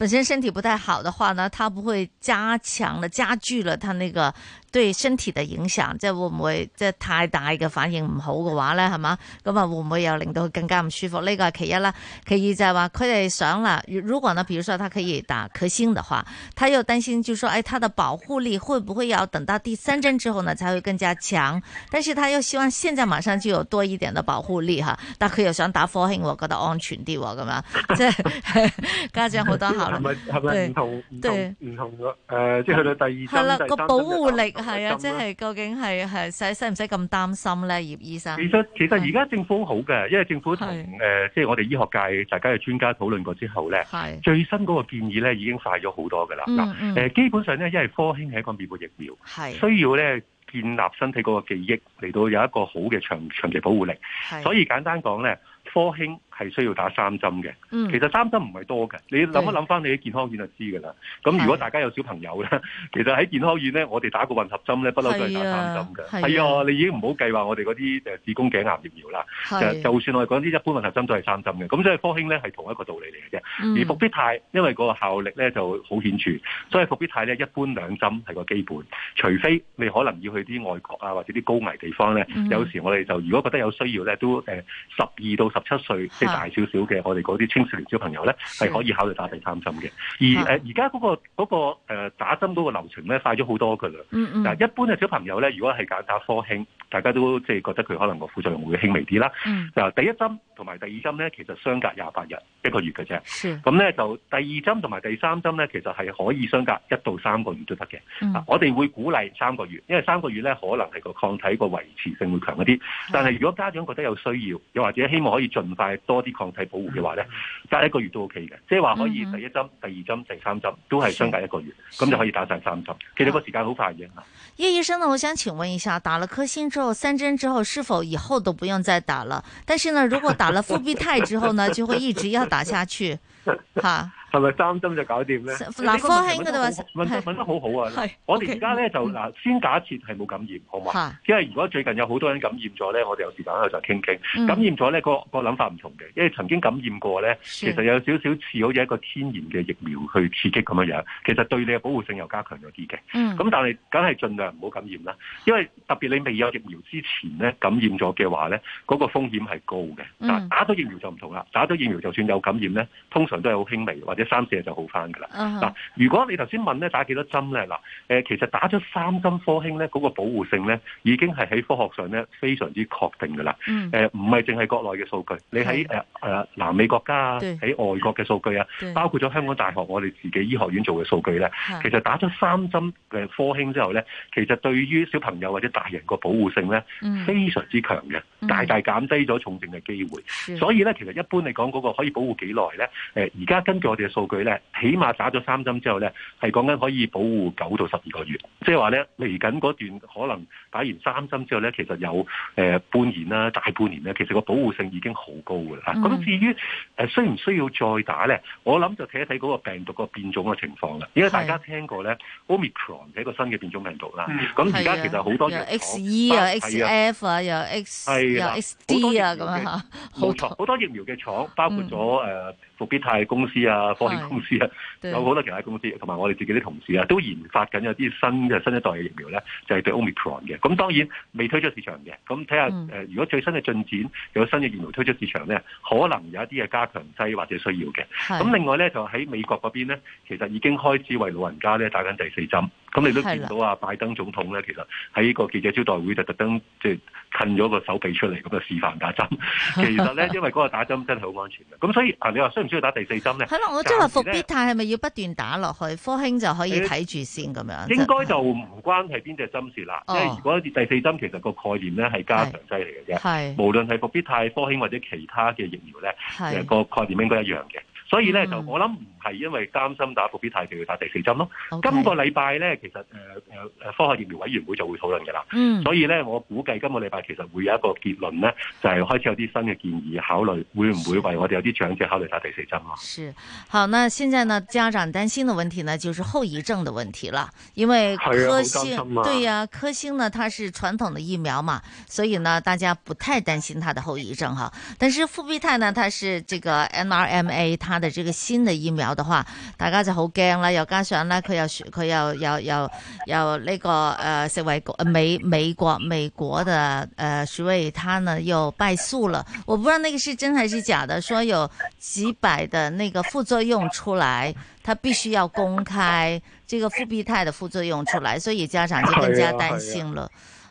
[SPEAKER 2] 本身身體不太好的話呢，他不會加強了加劇了他那個對身體的影響。再會不會再太大一個反應唔好嘅話呢，係嘛？咁啊會唔會又令到更加唔舒服？呢、這個係其一啦。其二就係話佢哋想啦，如果呢，譬如說他可以打科興的話，他又擔心就，就說誒，他的保護力會不會要等到第三針之後呢，才會更加強？但是他又希望現在馬上就有多一點的保護力吓，但佢又想打科興，我覺得安全啲咁樣，即係家長好多考。 係咪係咪唔
[SPEAKER 8] 同
[SPEAKER 6] 唔同唔同嘅？誒，即係去到第二層第三層
[SPEAKER 2] 係啦，個保護力係啊，即係究竟係係使使唔使咁擔心咧？葉醫生。其實
[SPEAKER 11] 其實而家政府好嘅，因為政府同誒即係我哋醫學界大家嘅專家討論過之後咧，最新嗰個建議咧已經快咗好多㗎喇。嗱誒，基本上咧，因為科興係一個滅活疫苗，係需要咧建立身體嗰個記憶嚟到有一個好嘅長長期保護力。係，所以簡單講咧。科興係需要打三針嘅，嗯、其實三針唔係多嘅。你諗一諗翻你喺健康院就知㗎啦。咁對如果大家有小朋友咧，其實喺健康院咧，我哋打個混合針咧，不嬲都係打三針嘅。係啊，啊啊你已經唔好計話我哋嗰啲誒子宮頸癌疫苗啦。是就算我哋講啲一般混合針都係三針嘅。咁所以科興咧係同一個道理嚟嘅啫。嗯、而復必泰因為個效力咧就好顯著，所以復必泰咧一般兩針係個基本，除非你可能要去啲外國啊或者啲高危地方咧，嗯、有時我哋就如果覺得有需要咧，都誒十二到十七歲即係大少少嘅，我哋嗰啲青少年小朋友咧，係的可以考慮打第三針嘅。而誒，而家嗰個、嗰個誒打針嗰個流程咧，快咗好多噶啦。嗱、嗯嗯，一般嘅小朋友咧，如果係揀打科興，大家都即係覺得佢可能個副作用會輕微啲啦。嗯。第一針同埋第二針咧，其實相隔廿八日一個月嘅啫。咁咧的就第二針同埋第三針咧，其實係可以相隔一到三個月都得嘅。嗯。我哋會鼓勵三個月，因為三個月咧可能係個抗體個維持性會強一啲。但係如果家長覺得有需要，又或者希望可以。盡快多啲抗體保護嘅話咧，隔一個月都 OK 嘅，即係話可以第一針、第二針、第三針都係相隔一個月，咁是就可以打晒三針，的其實個時間好快嘅。葉
[SPEAKER 2] 醫生呢，我想請問一下，打了科興之後，三針之後是否以後都不用再打了？但是呢，如果打了復必泰之後呢， 就會一直要打下去，
[SPEAKER 6] 係咪三針就搞掂咧？
[SPEAKER 2] 嗱，個問題
[SPEAKER 11] 問得是問得好好啊！我哋而家咧就嗱，okay. 先假設係冇感染，好嘛？是因為如果最近有好多人感染咗咧，我哋有時間咧就傾傾感染咗咧、嗰個、嗰個諗法唔同嘅，因為曾經感染過咧，其實有少少似好似一個天然嘅疫苗去刺激咁樣樣，其實對你嘅保護性又加強咗啲嘅。咁、嗯、但係梗係盡量唔好感染啦，因為特別你未有疫苗之前咧感染咗嘅話咧，嗰、嗰個風險係高嘅。但打咗疫苗就唔同啦，打咗疫苗就算有感染咧，通常都係好輕微一三四日就好翻噶啦。嗱、誒，如果你頭先問咧打幾多針咧，嗱，誒其實打咗三針科興咧，嗰、嗰個保護性咧已經係喺科學上咧非常之確定噶啦。誒唔係淨係國內嘅數據，你喺的、呃、南美國家喺對外國嘅數據啊，對包括咗香港大學我哋自己醫學院做嘅數據咧，的其實打咗三針嘅科興之後咧，其實對於小朋友或者大人個保護性咧，嗯、非常之強嘅，大大減低咗重症嘅機會。的所以咧，其實一般嚟講嗰個可以保護幾耐咧？呃、而家根據我哋數據咧，起碼打咗三針之後咧，係講緊可以保護九到十二個月，即係話咧，嚟緊嗰段可能打完三針之後咧，其實有誒、呃、半年啦，大半年咧，其實個保護性已經好高噶啦。咁、嗯、至於誒、呃、需唔需要再打咧？我諗就睇一睇嗰個病毒個變種嘅情況啦。因為大家聽過咧，Omicron 係一個新嘅變種病毒啦。咁而家其實好多藥廠、啊、有 XE 啊、有 X
[SPEAKER 2] F 啊，有 X 係啦、啊，好、啊、多
[SPEAKER 11] 疫苗嘅廠，包括咗誒。嗯呃復必泰公司啊，科興公司啊，有好多其他公司，同埋我哋自己啲同事啊，都研發緊有啲新嘅新一代嘅疫苗咧，就係、是、對 Omicron 嘅。咁當然未推出市場嘅，咁睇下誒，嗯、如果最新嘅進展有新嘅疫苗推出市場咧，可能有一啲嘅加強劑或者需要嘅。咁另外咧就喺美國嗰邊咧，其實已經開始為老人家咧打緊第四針。咁你都見到啊，拜登總統咧，的其實喺呢個記者招待會就特登即係褪咗個手臂出嚟咁嘅示範打針。 其實咧，因為嗰個打針真係好安全嘅。咁所以啊，你話需唔需要打第四針咧？可能我即係話復必
[SPEAKER 2] 泰係咪要不斷打落去？科興就可以睇住先咁樣。應
[SPEAKER 11] 該就唔關係邊隻針事啦。即係的如果第四針其實個概念咧係加強劑嚟嘅啫。係，無論係復必泰、科興或者其他嘅疫苗咧，的其實個概念應該一樣嘅。所以呢，就我諗唔係因為擔心打復必泰就要打第四針咯。Okay. 今個禮拜呢，其實誒誒誒科學疫苗委員會就會討論嘅啦。嗯，所以呢，我估計今個禮拜其實會有一個結論呢，就係開始有啲新嘅建議，考慮會唔會為我哋有啲長者考慮打第四針啊？
[SPEAKER 2] 是，好，那現在呢，家長擔心的問題呢，就是後遺症的問題啦。因為科興、啊啊、對呀、啊，科興呢，它是傳統的疫苗嘛，所以呢，大家不太擔心它的後遺症哈。但是復必泰呢，它是這個 mRNA 它這個新的疫苗的話，大家就好驚啦。又加上呢，佢又佢又又又又那個誒，食衞局美美國美國的誒，食、呃、衞，他呢又敗訴了。我不知道那個是真還是假的，說有幾百的那個副作用出來，他必須要公開這個復必泰的副作用出來。所以家長就更加擔心了。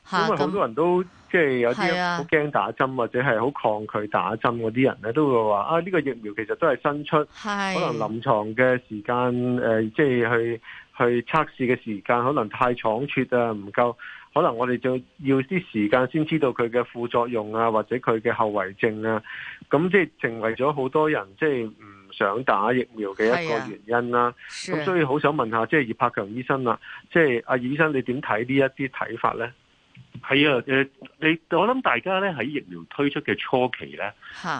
[SPEAKER 2] 咁啊、哎，
[SPEAKER 6] 哎，好很多人都。即係有啲好驚打針或者係好抗拒打針嗰啲人咧，都會話啊呢、呢個疫苗其實都係新出，是可能臨床嘅時間誒、呃，即係去去測試嘅時間可能太倉促啊，唔夠，可能我哋就要啲時間先知道佢嘅副作用啊，或者佢嘅後遺症啊，咁即係成為咗好多人即係唔想打疫苗嘅一個原因啦、啊。咁是所以好想問一下，即係葉柏強醫生啦，即係阿葉醫生你麼看這些看法，你點睇呢一啲睇法咧？係啊，誒你我諗大家咧喺疫苗推出嘅初期咧，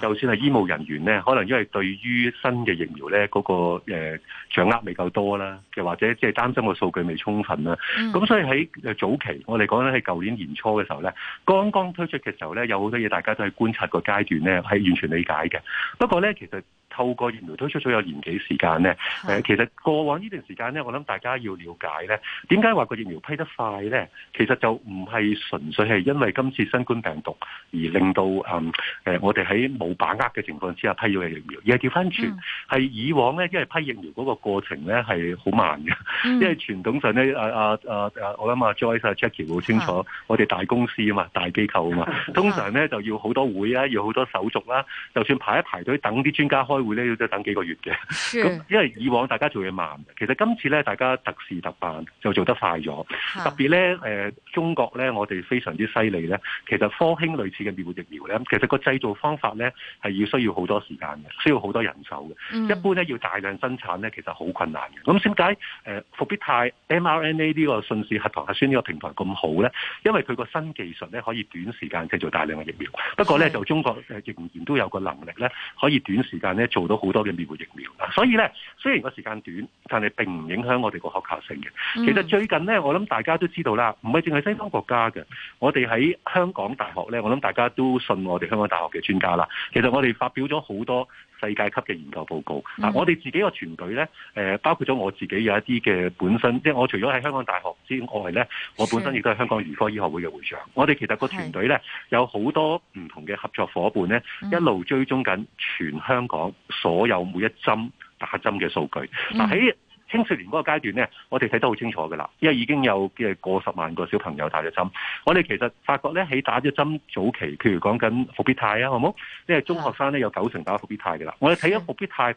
[SPEAKER 6] 就算係醫務
[SPEAKER 11] 人員咧，可能因為對於新嘅疫苗咧嗰個誒掌握未夠多啦，又或者即係擔心個數據未充分啦，咁、嗯、所以喺早期我哋講緊喺舊年年初嘅時候咧，剛剛推出嘅時候咧，有好多嘢大家都係觀察個階段咧，係完全理解嘅。不過咧，其實，透過疫苗推出咗有年幾時間咧？其實過往呢段時間咧，我諗大家要了解咧，點解話個疫苗批得快咧？其實就唔係純粹係因為今次新冠病毒而令到誒、嗯呃，我哋喺冇把握嘅情況之下批咗嘅疫苗，而係調翻轉係以往咧，因為批疫苗嗰個過程咧係好慢嘅，嗯、因為傳統上咧，阿阿我諗阿 Joyce 啊、Jackie 好清楚，我哋、啊啊啊、的大公司啊嘛，大機構啊嘛，的通常咧就要好多會啦，要好多手續啦，就算排一排隊等啲專家開。開會咧要再等幾個月嘅，咁因為以往大家做嘢慢，其實今次咧大家特事特辦就做得快咗，特別咧誒中國咧我哋非常之犀利咧，其實科興類似嘅滅活疫苗咧，其實個製造方法咧係要需要好多時間嘅，需要好多人手嘅，一般咧要大量生產咧其實好困難嘅。咁點解誒復必泰 mRNA 呢個信使核糖核酸呢個平台咁好咧？因為佢個新技術咧可以短時間製造大量嘅疫苗，不過咧就中國誒仍然都有個能力咧可以短時間咧。做到好多嘅滅活疫苗，所以咧雖然個時間短，但係並唔影響我哋個可靠性嘅。其實最近咧，我諗大家都知道啦，唔係淨係西方國家嘅，我哋喺香港大學咧，我諗大家都信我哋香港大學嘅專家啦。其實我哋發表咗好多。世界級嘅研究報告，嗱、嗯、我哋自己個團隊咧，誒包括咗我自己有一啲嘅本身，即係我除咗喺香港大學之外咧，是我本身亦都係香港兒科醫學會嘅會長。我哋其實個團隊咧是有好多唔同嘅合作伙伴咧，嗯、一路追蹤緊全香港所有每一針打針嘅數據。嗱喺、嗯青少年嗰個階段咧，我哋睇得好清楚㗎啦，因為已經有嘅過十萬個小朋友打咗針。我哋其實發覺咧，喺打咗針早期，譬如講緊復必泰啊，好冇？因為中學生咧有九成打復必泰㗎啦。我哋睇咗復必泰。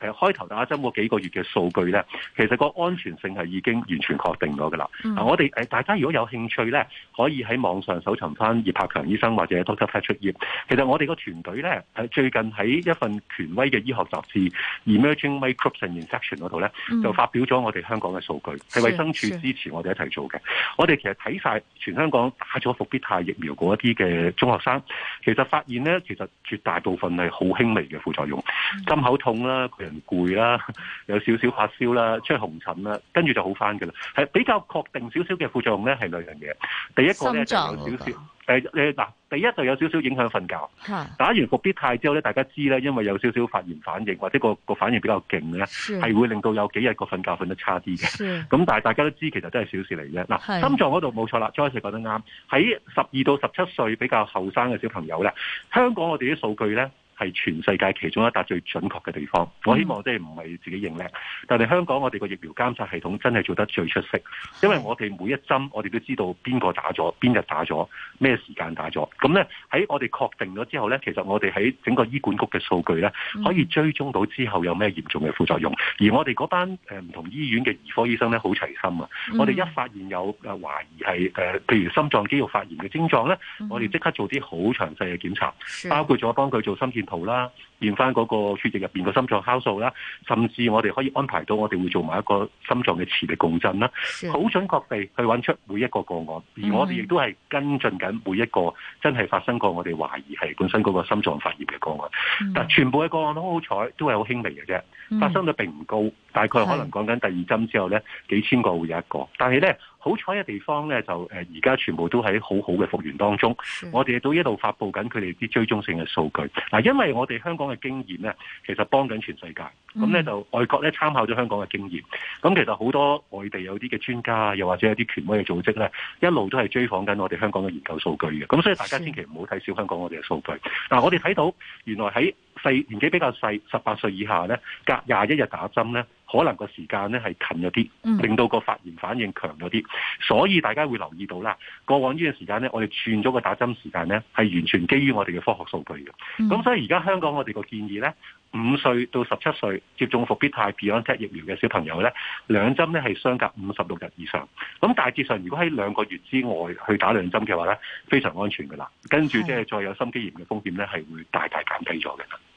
[SPEAKER 11] 誒、啊、開頭打針嗰幾個月嘅數據咧，其實個安全性係已經完全確定咗㗎啦。嗱、嗯啊，我哋誒大家如果有興趣咧，可以喺網上搜尋翻葉柏強醫生或者 Doctor Patrick 葉。其實我哋個團隊咧喺、啊、最近喺一份權威嘅醫學雜誌《Emerging Microscopic Infection》嗰度咧，就發表咗我哋香港嘅數據，係衞生署支持我哋一齊做嘅。我哋其實睇晒全香港打咗復必泰疫苗嗰啲嘅中學生，其實發現咧，其實絕大部分係好輕微嘅副作用，針、嗯、口痛啦。攰啦，有少少發燒啦，出去紅疹啦，跟住就好翻噶啦。係比較確定少少嘅副作用咧，係兩樣嘢。第一個咧就有少少，誒誒嗱，第一就有少少影響瞓覺。是打完復必泰之後咧，大家知咧，因為有少少發炎反應或者個個反應比較勁咧，係是會令到有幾日個瞓覺瞓得差啲嘅。咁是但係大家都知，其實都係小事嚟嘅。嗱是，心臟嗰度冇錯啦，張醫生講得啱。喺十二到十七歲比較後生嘅小朋友咧，香港我哋啲數據咧，係全世界其中一笪最準確嘅地方，我希望我哋唔係自己認叻，但係香港我哋個疫苗監察系統真係做得最出色，因為我哋每一針我哋都知道邊個打咗，邊日打咗，咩時間打咗，咁呢，喺我哋確定咗之後呢，其實我哋喺整個醫管局嘅數據呢，可以追蹤到之後有咩嚴重嘅副作用，而我哋嗰班誒唔同醫院嘅兒科醫生呢，好齊心啊，我哋一發現有誒懷疑係譬如心臟肌肉發炎嘅症狀呢，我哋即刻做啲好詳細嘅檢查，包括咗幫佢做心電圖啦，驗翻嗰個血液入邊個心臟酵素啦，甚至我哋可以安排到我哋會做埋一個心臟嘅磁力共振啦，好準確地去揾出每一個個案，而我哋亦都係跟進緊每一個真係發生過我哋懷疑係本身嗰個心臟發炎嘅個案，但全部嘅個案都好好彩，都係好輕微嘅啫，發生率並唔高，大概可能講緊第二針之後咧，幾千個會有一個，但係咧。好彩嘅地方咧，就誒而家全部都喺好好嘅復原當中。的我哋都一路發布緊佢哋啲追蹤性嘅數據。嗱、啊，因為我哋香港嘅經驗咧，其實幫緊全世界。咁咧就外國咧參考咗香港嘅經驗。咁其實好多外地有啲嘅專家啊，又或者有啲權威嘅組織咧，一路都係追訪緊我哋香港嘅研究數據嘅。咁所以大家千祈唔好睇小香港我哋嘅數據。嗱、啊，我哋睇到原來喺細年紀比較細，十八歲以下咧，隔廿一日打針咧。可能個時間咧係近咗啲，令到個發炎反應強咗啲，mm. 所以大家會留意到啦。過往呢段時間咧，我哋轉咗個打針時間咧，係完全基於我哋嘅科學數據嘅。咁、mm. 所以而家香港我哋個建議咧，五歲到十七歲接種復必泰、BioNTech 疫苗嘅小朋友咧，兩針咧係相隔五十六日以上。咁大致上，如果喺兩個月之外去打兩針嘅話咧，非常安全㗎啦。跟住即係再有心肌炎嘅風險咧，係會大大減低咗嘅。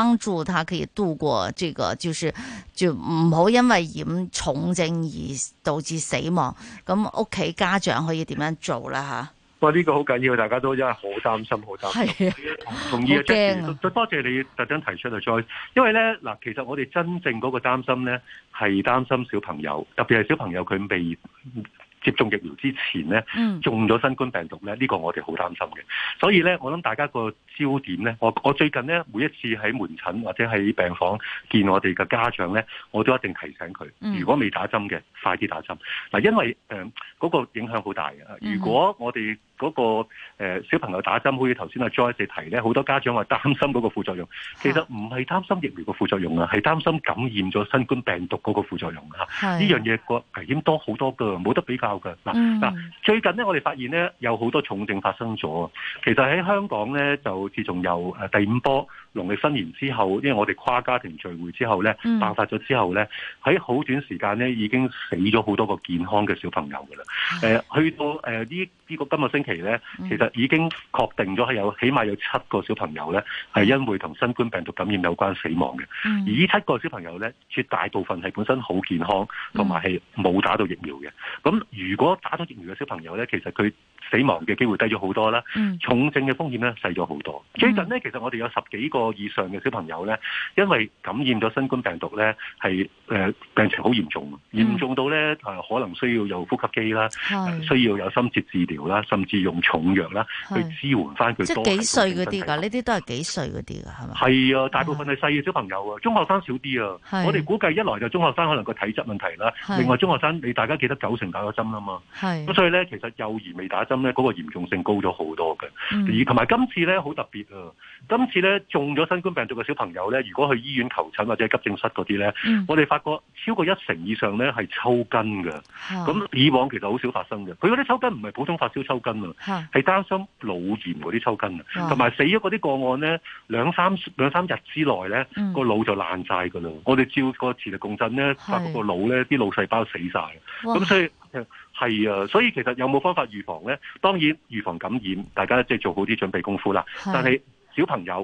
[SPEAKER 2] 幫助他可以度過這個，就是就唔好因為染重症而導致死亡。咁屋企家長可以點樣做啦？吓，
[SPEAKER 6] 哇！呢個好緊要，大家都因為好擔心，好擔心。
[SPEAKER 8] 啊、同意、啊、
[SPEAKER 11] 多謝你特登提出嚟再，因為咧嗱，其實我哋真正嗰個擔心咧，係擔心小朋友，特別係小朋友佢未。接種疫苗之前咧，中咗新冠病毒咧，呢個我哋好擔心嘅。所以咧，我諗大家個焦點咧，我我最近咧每一次喺門診或者喺病房見我哋嘅家長咧，我都一定提醒佢，如果未打針嘅，快啲打針。嗱，因為誒嗰個影響好大㗎。如果我哋嗰個誒小朋友打針，好似頭先阿 Joy 姐提咧，好多家長話擔心嗰個副作用，其實唔係擔心疫苗嘅副作用啊，係擔心感染咗新冠病毒嗰個副作用啊，呢樣嘢個危險多好多噶，冇得比較。嗱嗱，嗯、最近咧，我哋發現咧，有好多重症發生咗。其實喺香港咧，就自從有誒第五波。農曆新年之後，因為我哋跨家庭聚會之後咧，嗯、爆發咗之後咧，喺好短時間咧已經死咗好多個健康嘅小朋友嘅啦的、呃。去到呢呢、呃呢個今個、這個這個這個星期咧，嗯、其實已經確定咗係有起碼有七個小朋友咧係因為同新冠病毒感染有關死亡嘅。嗯、而呢七個小朋友咧，絕大部分係本身好健康，同埋係冇打到疫苗嘅。咁如果打到疫苗嘅小朋友咧，其實佢。死亡嘅機會低咗好多啦，重症嘅風險咧細咗好多。最近咧，其實我哋有十幾個以上嘅小朋友咧，因為感染咗新冠病毒咧，係誒病情好嚴重，嚴重到咧可能需要有呼吸機啦，需要有深切治療啦，甚至用重藥啦去支援翻佢。多係幾歲嗰啲
[SPEAKER 2] 㗎？呢啲都係幾歲嗰啲㗎？係咪？
[SPEAKER 11] 係啊，大部分係細嘅小朋友啊，中學生少啲啊。我哋估計一來就中學生可能個體質問題啦，另外中學生你大家記得九成打咗針啦嘛。係咁，所以咧其實幼兒未打。真咧，嗰個嚴重性高咗好多嘅，而同埋今次咧好特別啊！今次咧中咗新冠病毒嘅小朋友咧，如果去醫院求診或者急症室嗰啲咧，嗯、我哋發覺超過一成以上咧係抽筋嘅。咁、啊、以往其實好少發生嘅，佢嗰啲抽筋唔係普通發燒抽筋啊，係擔心腦炎嗰啲抽筋啊。同埋死咗嗰啲個案咧，兩三兩三日之內咧，嗯、個腦就爛晒噶啦。我哋照個磁力共振咧，是發覺個腦咧，啲、那個、腦細胞死晒。咁哇所以。係啊，所以其實有冇方法預防呢？當然預防感染，大家即係做好啲準備功夫啦。是但係小朋友、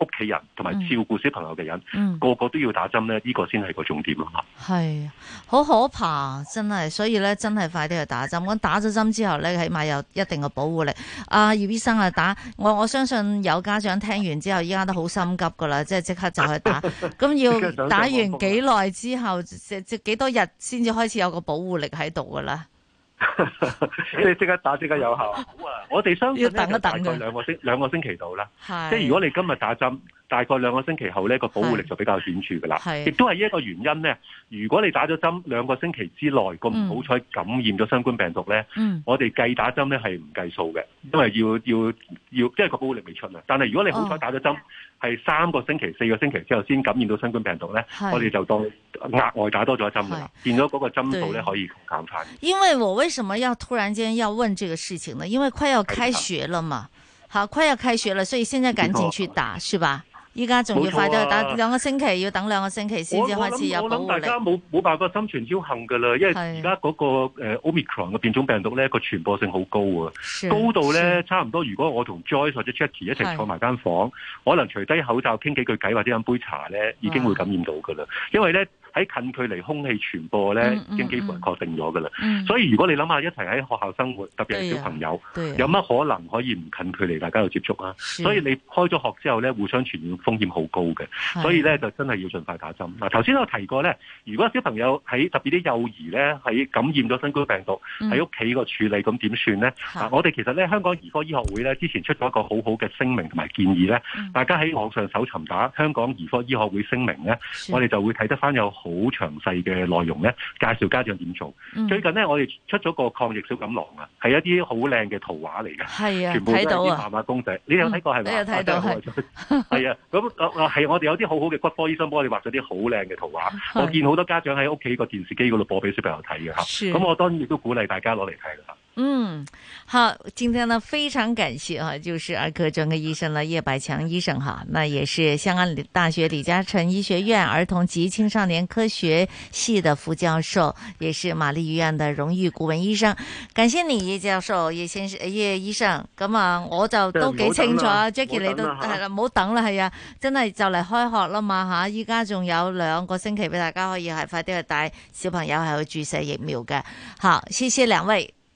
[SPEAKER 11] 屋企人同埋照顧小朋友嘅人，嗯、個個都要打針呢。呢、呢個先係個重點啊！
[SPEAKER 8] 係
[SPEAKER 2] 好可怕，真係，所以呢，真係快啲去打針。咁打咗針之後呢，起碼有一定嘅保護力。啊，葉醫生啊，打我我相信有家長聽完之後，依家都好心急噶啦，即係即刻就去打。咁 要打完幾耐之後，即即幾多日先至開始有個保護力喺度噶啦？ 你
[SPEAKER 6] 係即刻打即刻有
[SPEAKER 11] 效 啊！我哋相信要等一等嘅，兩個星兩個星期到啦。是即係如果你今日打針，大概兩個星期後呢個保護力就比較顯著噶啦。亦都係一個原因呢：如果你打咗針兩個星期之內咁好彩感染咗新冠病毒呢，嗯、我哋計打針呢係唔計數嘅，因為要要要即係個保護力未出啊。但係如果你好彩打咗針。哦係三個星期、四個星期之後先感染到新冠病毒呢，是我哋就當額外打多咗針噶啦，變咗嗰個針度呢，對可以減翻。
[SPEAKER 2] 因為我為什麼要突然間要問這個事情呢？因為快要開學了嘛，的好，快要開學了，所以現在趕緊去打，是，的是吧？依家仲要快啲，等兩個星期要等兩個星期先至，啊、開始有力量。我我諗大家
[SPEAKER 11] 冇冇辦法心存僥幸㗎啦？因為而家嗰個 Omicron 嘅變種病毒咧，個傳播性好高啊，
[SPEAKER 8] 是高到咧是
[SPEAKER 11] 差唔多。如果我同 Joy 或者 Chucky 一齊坐埋間房，是可能除低口罩傾幾句偈或者飲杯茶咧，已經會感染到㗎啦。啊、因為咧。喺近距離空氣傳播咧，已經幾乎係確定咗噶啦。嗯嗯嗯、所以如果你諗下一齊喺學校生活，特別係小朋友，有乜可能可以唔近距離大家去接觸啊？的所以你開咗學之後咧，互相傳染風險好高嘅，所以咧就真係要盡快打針。嗱的，頭先、啊、我提過咧，如果小朋友喺特別啲幼兒咧，喺感染咗新冠病毒喺屋企個處理，咁點算咧？我哋其實咧，香港兒科醫學會咧之前出咗一個好好嘅聲明同埋建議咧，嗯、大家喺網上搜尋打香港兒科醫學會聲明咧，的我哋就會睇得翻有。好詳細嘅內容咧，介紹家長點做。嗯、最近咧，我哋出咗個抗疫小錦囊啊，係一啲好靚嘅圖畫嚟嘅，係啊，全部睇到啊，啲漫畫公仔，啊、你，有你有睇過係咪？你有睇到係啊？咁 啊係、啊，我哋有啲好好嘅骨科醫生幫我哋畫咗啲好靚嘅圖畫。啊、我見好多家長喺屋企個電視機嗰度播俾小朋友睇嘅吓。咁、啊、我當然亦都鼓勵大家攞嚟睇啦。
[SPEAKER 2] 嗯，好，今天呢非常感謝啊，就是兒科專科醫生啦，葉柏強醫生哈，那也是香港大學李嘉誠醫學院兒童及青少年科學系的副教授，也是瑪麗醫院的榮譽顧問醫生，感謝你葉教授、葉先生，葉醫生，咁、嗯、啊，我就都幾清楚啊，Jackie 你都係啦，唔好等啦，係的啊，真係就嚟開學啦嘛吓，依家仲有兩個星期俾大家可以係快啲去帶小朋友係去注射疫苗嘅，好，謝謝兩位。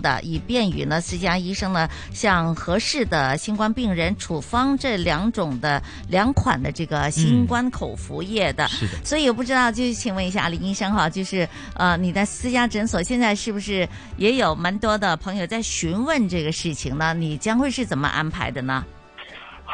[SPEAKER 2] 的，以便於呢，私家醫生呢，向合適的新冠病人處方這兩種的兩款的這個新冠口服液的。嗯、是的。所以我不知道，就是請問一下林醫生哈，就是呃，你的私家診所現在是不是也有蠻多的朋友在詢問這個事情呢？你將會是怎麼安排的呢？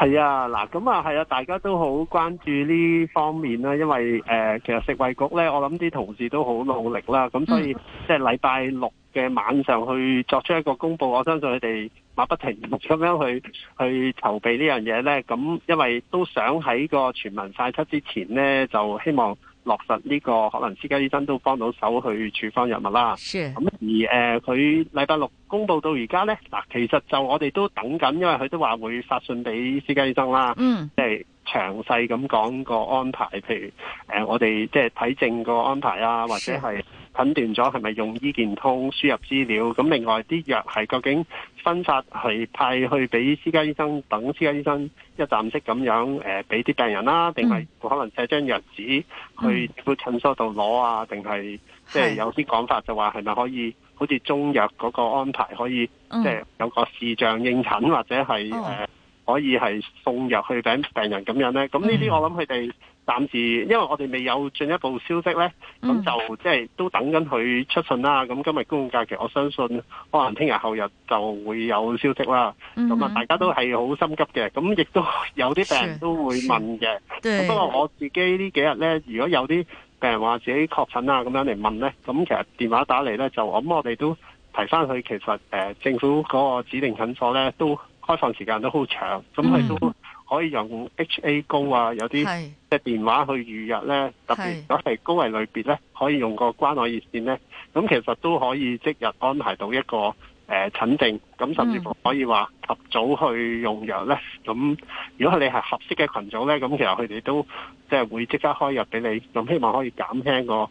[SPEAKER 7] 是啊，嗱，咁啊，係啊，大家都好關注呢方面啦，因為誒、呃，其實食衛局呢，我諗啲同事都好努力啦，咁所以即係禮拜六。嘅晚上去作出一個公布，我相信佢哋馬不停蹄咁樣去去籌備呢樣嘢咧。咁因為都想喺個全民晒出之前咧，就希望落實呢、這個可能私家醫生都幫到手去處方藥物啦。咁是而誒佢禮拜六公布到而家咧，嗱，其實就我哋都等緊，因為佢都話會發信俾私家醫生啦。嗯。即係詳細咁講個安排，譬如誒、呃、我哋即係睇症個安排啊，或者係。診斷咗係咪用醫健通輸入資料？咁另外啲藥係究竟分法係派去俾私家醫生等私家醫生一站式咁樣誒，俾、呃、啲病人啦、啊，定係可能寫張藥紙去診所度攞啊？定係即係有啲講法就話係咪可以好似中藥嗰個安排，可以即係、嗯、有個視像應診，或者係、哦呃、可以係送藥去俾病，病人咁樣咧？咁呢啲我諗佢哋。嗯暫時，因為我哋未有進一步消息咧，
[SPEAKER 8] 咁就、嗯、即
[SPEAKER 7] 係都等緊佢出信啦。咁今日公共假期，我相信可能聽日後日就會有消息啦。咁啊、嗯哼，大家都係好心急嘅，咁亦都有啲病人都會問嘅。咁、嗯、不過我自己幾呢幾日咧，如果有啲病人話自己確診啊咁樣嚟問咧，咁其實電話打嚟咧就，咁我哋都提翻佢，其實誒、呃、政府嗰個指定診所咧都開放時間都好長，咁佢都。嗯可以用 HA 高啊，有啲即係電話去預約咧，是特別如果係高危類別咧，可以用個關愛熱線咧，咁其實都可以即日安排到一個誒、呃、診症，咁甚至乎可以話及早去用藥咧。咁如果你係合適嘅群組咧，咁其實佢哋都即係會即刻開藥俾你，咁希望可以減輕個。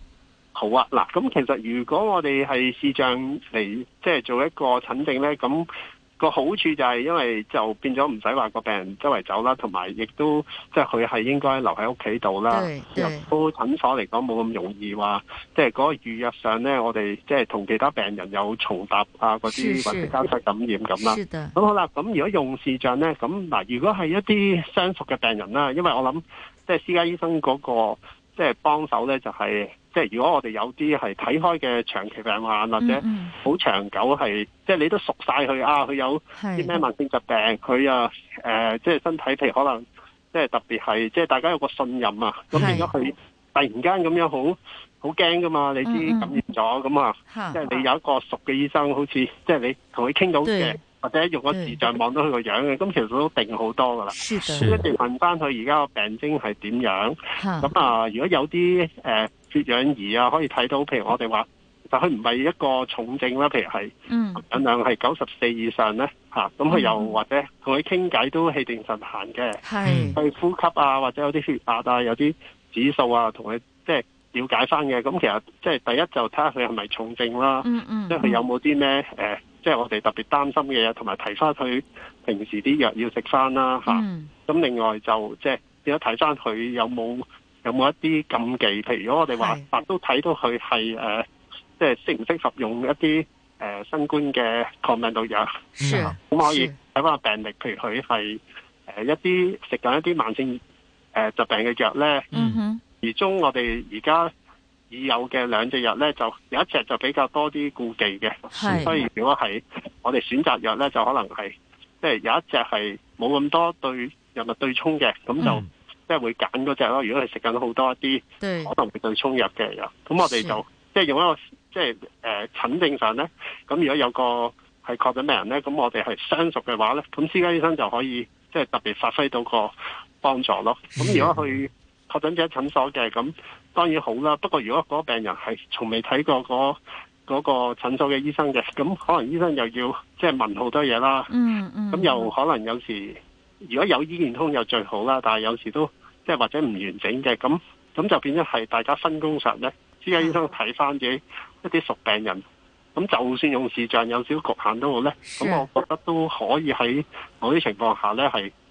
[SPEAKER 7] 好啊嗱，咁其實如果我哋係視像嚟，即、就、係、是、做一個診症咧，咁、那個好處就係因為就變咗唔使話個病人周圍走啦，同埋亦都即係佢係應該留喺屋企度啦。入到診所嚟講冇咁容易話，即係嗰個預約上咧，我哋即係同其他病人有重疊啊，嗰啲或者交叉感染咁啦。咁好啦、啊，咁如果用視像咧，咁嗱，如果係一啲相熟嘅病人啦，因為我諗即係私家醫生嗰、那個即係幫手咧，就係、是。就是即係如果我哋有啲係睇開嘅長期病患，或者好長久係，即係你都熟晒佢啊，佢有啲咩慢性疾病，佢啊誒，即係身體譬如可能，即係特別係，即係大家有個信任啊。咁而家佢突然間咁樣好好驚噶嘛？你知感染咗咁啊，即係你有一個熟嘅醫生，好似即係你同佢傾到嘅，或者用個視像望到佢個樣嘅，咁其實都定好多噶啦。是的。跟住問翻佢而家個病徵係點樣？咁啊，如果有啲誒血氧儀啊，可以睇到，譬如我哋話，但佢唔係一個重症啦，譬如係能量係九十四以上咧，咁佢、嗯啊、又、嗯、或者同佢傾偈都氣定神閒嘅，去、嗯、呼吸啊，或者有啲血壓啊，有啲指數啊，同佢即係了解翻嘅。咁其實即係、就是、第一就睇下佢係咪重症啦，即係、嗯嗯、佢有冇啲咩誒、即係我哋特別擔心嘅嘢，同埋提翻佢平時啲藥要食翻啦，
[SPEAKER 8] 咁、
[SPEAKER 7] 啊嗯啊、另外就即係、就是、要睇翻佢有冇。有冇一啲禁忌？譬如如果我哋話，都睇到佢係即係適唔適合用一啲誒、呃、新冠嘅抗病毒藥？
[SPEAKER 8] 咁是、嗯、可以
[SPEAKER 7] 睇翻個病歷，譬如佢係、呃、一啲食緊一啲慢性誒疾病嘅藥咧。嗯哼，而中我哋而家已有嘅兩隻藥咧，就有一隻就比較多啲顧忌嘅。是所以如果係我哋選擇藥咧，就可能係即係有一隻係冇咁多對藥物對沖嘅，咁就。嗯即係會揀嗰隻咯。如果你食緊好多一啲，對可能會對衝藥嘅。咁我哋就的即係用一個即係誒診症上呢。咁如果有個係確診病人呢，咁我哋係相熟嘅話呢，咁私家醫生就可以即係特別發揮到個幫助咯。咁如果去確診者診所嘅，咁當然好啦。不過如果嗰病人係從未睇過嗰、嗰個嗰個診所嘅醫生嘅，咁可能醫生又要即係問好多嘢啦。咁、嗯嗯嗯、又可能有時，如果有醫健通又最好啦。但係有時都。即係或者唔完整嘅，咁咁就變咗係大家分工上咧，私家醫生睇返自己一啲熟病人，咁就算用視像有少局限都好咧，咁我覺得都可以喺某啲情況下咧係。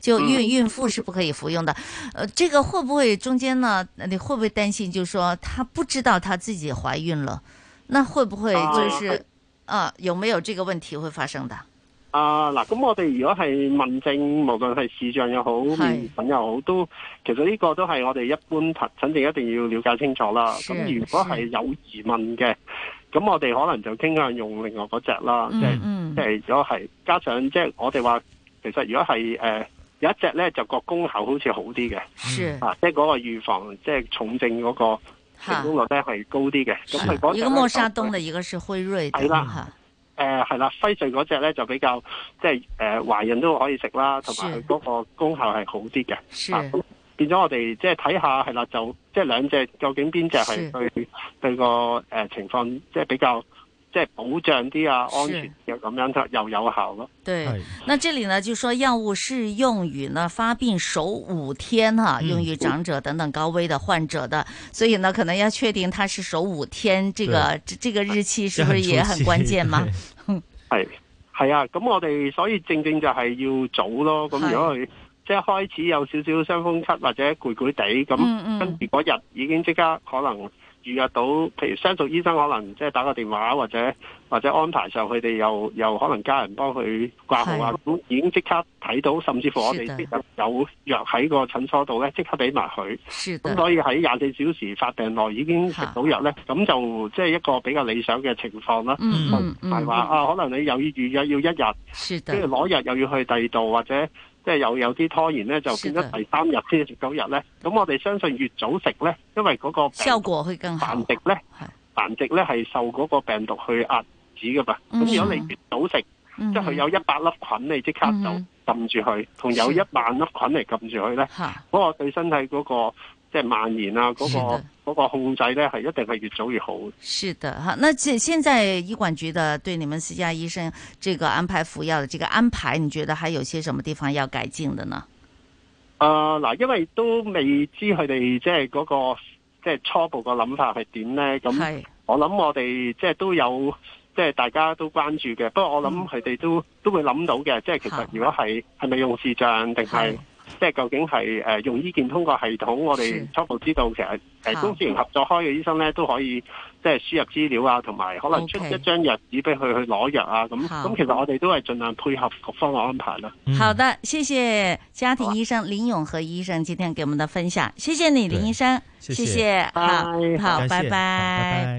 [SPEAKER 2] 就孕孕婦是不可以服用的，嗯、呃，這個會不會中間呢？你會不會擔心，就是說他不知道他自己懷孕了，那會不會就是，啊，是啊，有沒有這個問題會發生的？
[SPEAKER 7] 啊，嗱，咁我哋如果係問症，無論係視像又好，面診又好，是都其實呢個都係我哋一般憑診症一定要了解清楚啦。咁是如果係有疑問嘅，咁我哋可能就傾向用另外嗰隻啦，嗯、即係即係如果係加上即係我哋話，其實如果係誒。呃有一隻咧就個功效好似好啲嘅，是啊，即係嗰個預防即係、就是、重症嗰個成功率咧係哈高啲嘅。咁佢嗰如果默沙東
[SPEAKER 2] 嘅一個是輝瑞，係啦
[SPEAKER 7] 的，係啦、嗯，輝、呃、瑞嗰隻咧就比較即係誒懷孕都可以食啦，同埋佢嗰個功效係好啲嘅。咁是、啊、變咗我哋即係睇下係啦，就即、是、係、就是、兩隻究竟邊隻係對是對、那個、呃、情況即係比較。即係保障啲啊，安全又咁是樣又有效咯。
[SPEAKER 2] 對，是那這裏呢就說藥物適用於呢發病首五天，啊嗯、用於長者等等高危的患者的，嗯、所以呢可能要確定它是首五天，這個對這個日期是不是也很關鍵嗎？
[SPEAKER 7] 係係啊，咁我哋所以正正就係要早咯，咁是如果佢即係開始有少少傷風咳或者攰攰地咁，嗯嗯跟住嗰日已經即刻可能。預約到，譬如相熟醫生可能即係打個電話，或者或者安排上他們，佢哋又又可能家人幫佢掛號啊。咁的已經即刻睇到，甚至乎我哋有有藥喺個診所度咧，即刻俾埋佢。咁的所以喺廿四小時發病內已經食到藥咧，咁的就即係、就是、一個比較理想嘅情況啦。唔係話啊，可能你又要預約要一日，跟住攞藥又要去第二度或者。即係有有啲拖延咧，就變咗第三日先至食九日咧。咁是的 我哋相信越早食咧，因為嗰個病過去更慢，繁殖咧的，繁殖咧係受嗰個病毒去壓止噶嘛。咁、嗯、如果你越早食，嗯、即係有一百粒菌，你即刻就撳住佢，同、嗯、有一萬粒菌嚟撳住佢咧。嗰個的對身體嗰、那個。即係蔓延啊嗰、嗰個的嗰個控制咧係一定係越早越好。
[SPEAKER 2] 是的，吓，那現現在醫管局的對你們私家醫生這個安排服藥的這個安排，你覺得還有些什麼地方要改進的呢？
[SPEAKER 7] 誒，嗱，因為都未知佢哋即係個即係、就是、初步個諗法係點呢。咁，我諗我哋即係都有即係、就是、大家都關注嘅。的不過我諗佢哋都、嗯、都會諗到嘅，即、就、係、是、其實如果係係咪用視像定係？即係究竟係誒、呃、用醫健通個系統，我哋初步知道其實誒公司員合作開嘅醫生咧都可以即係輸入資料啊，同埋可能出一張藥紙俾佢去攞藥啊。咁咁其實我哋都係盡量配合各方嘅安排啦。嗯、
[SPEAKER 2] 好的，謝謝家庭醫生林永和醫生今天給我們的分享，謝謝你林醫生，謝謝，好，好，好，拜拜。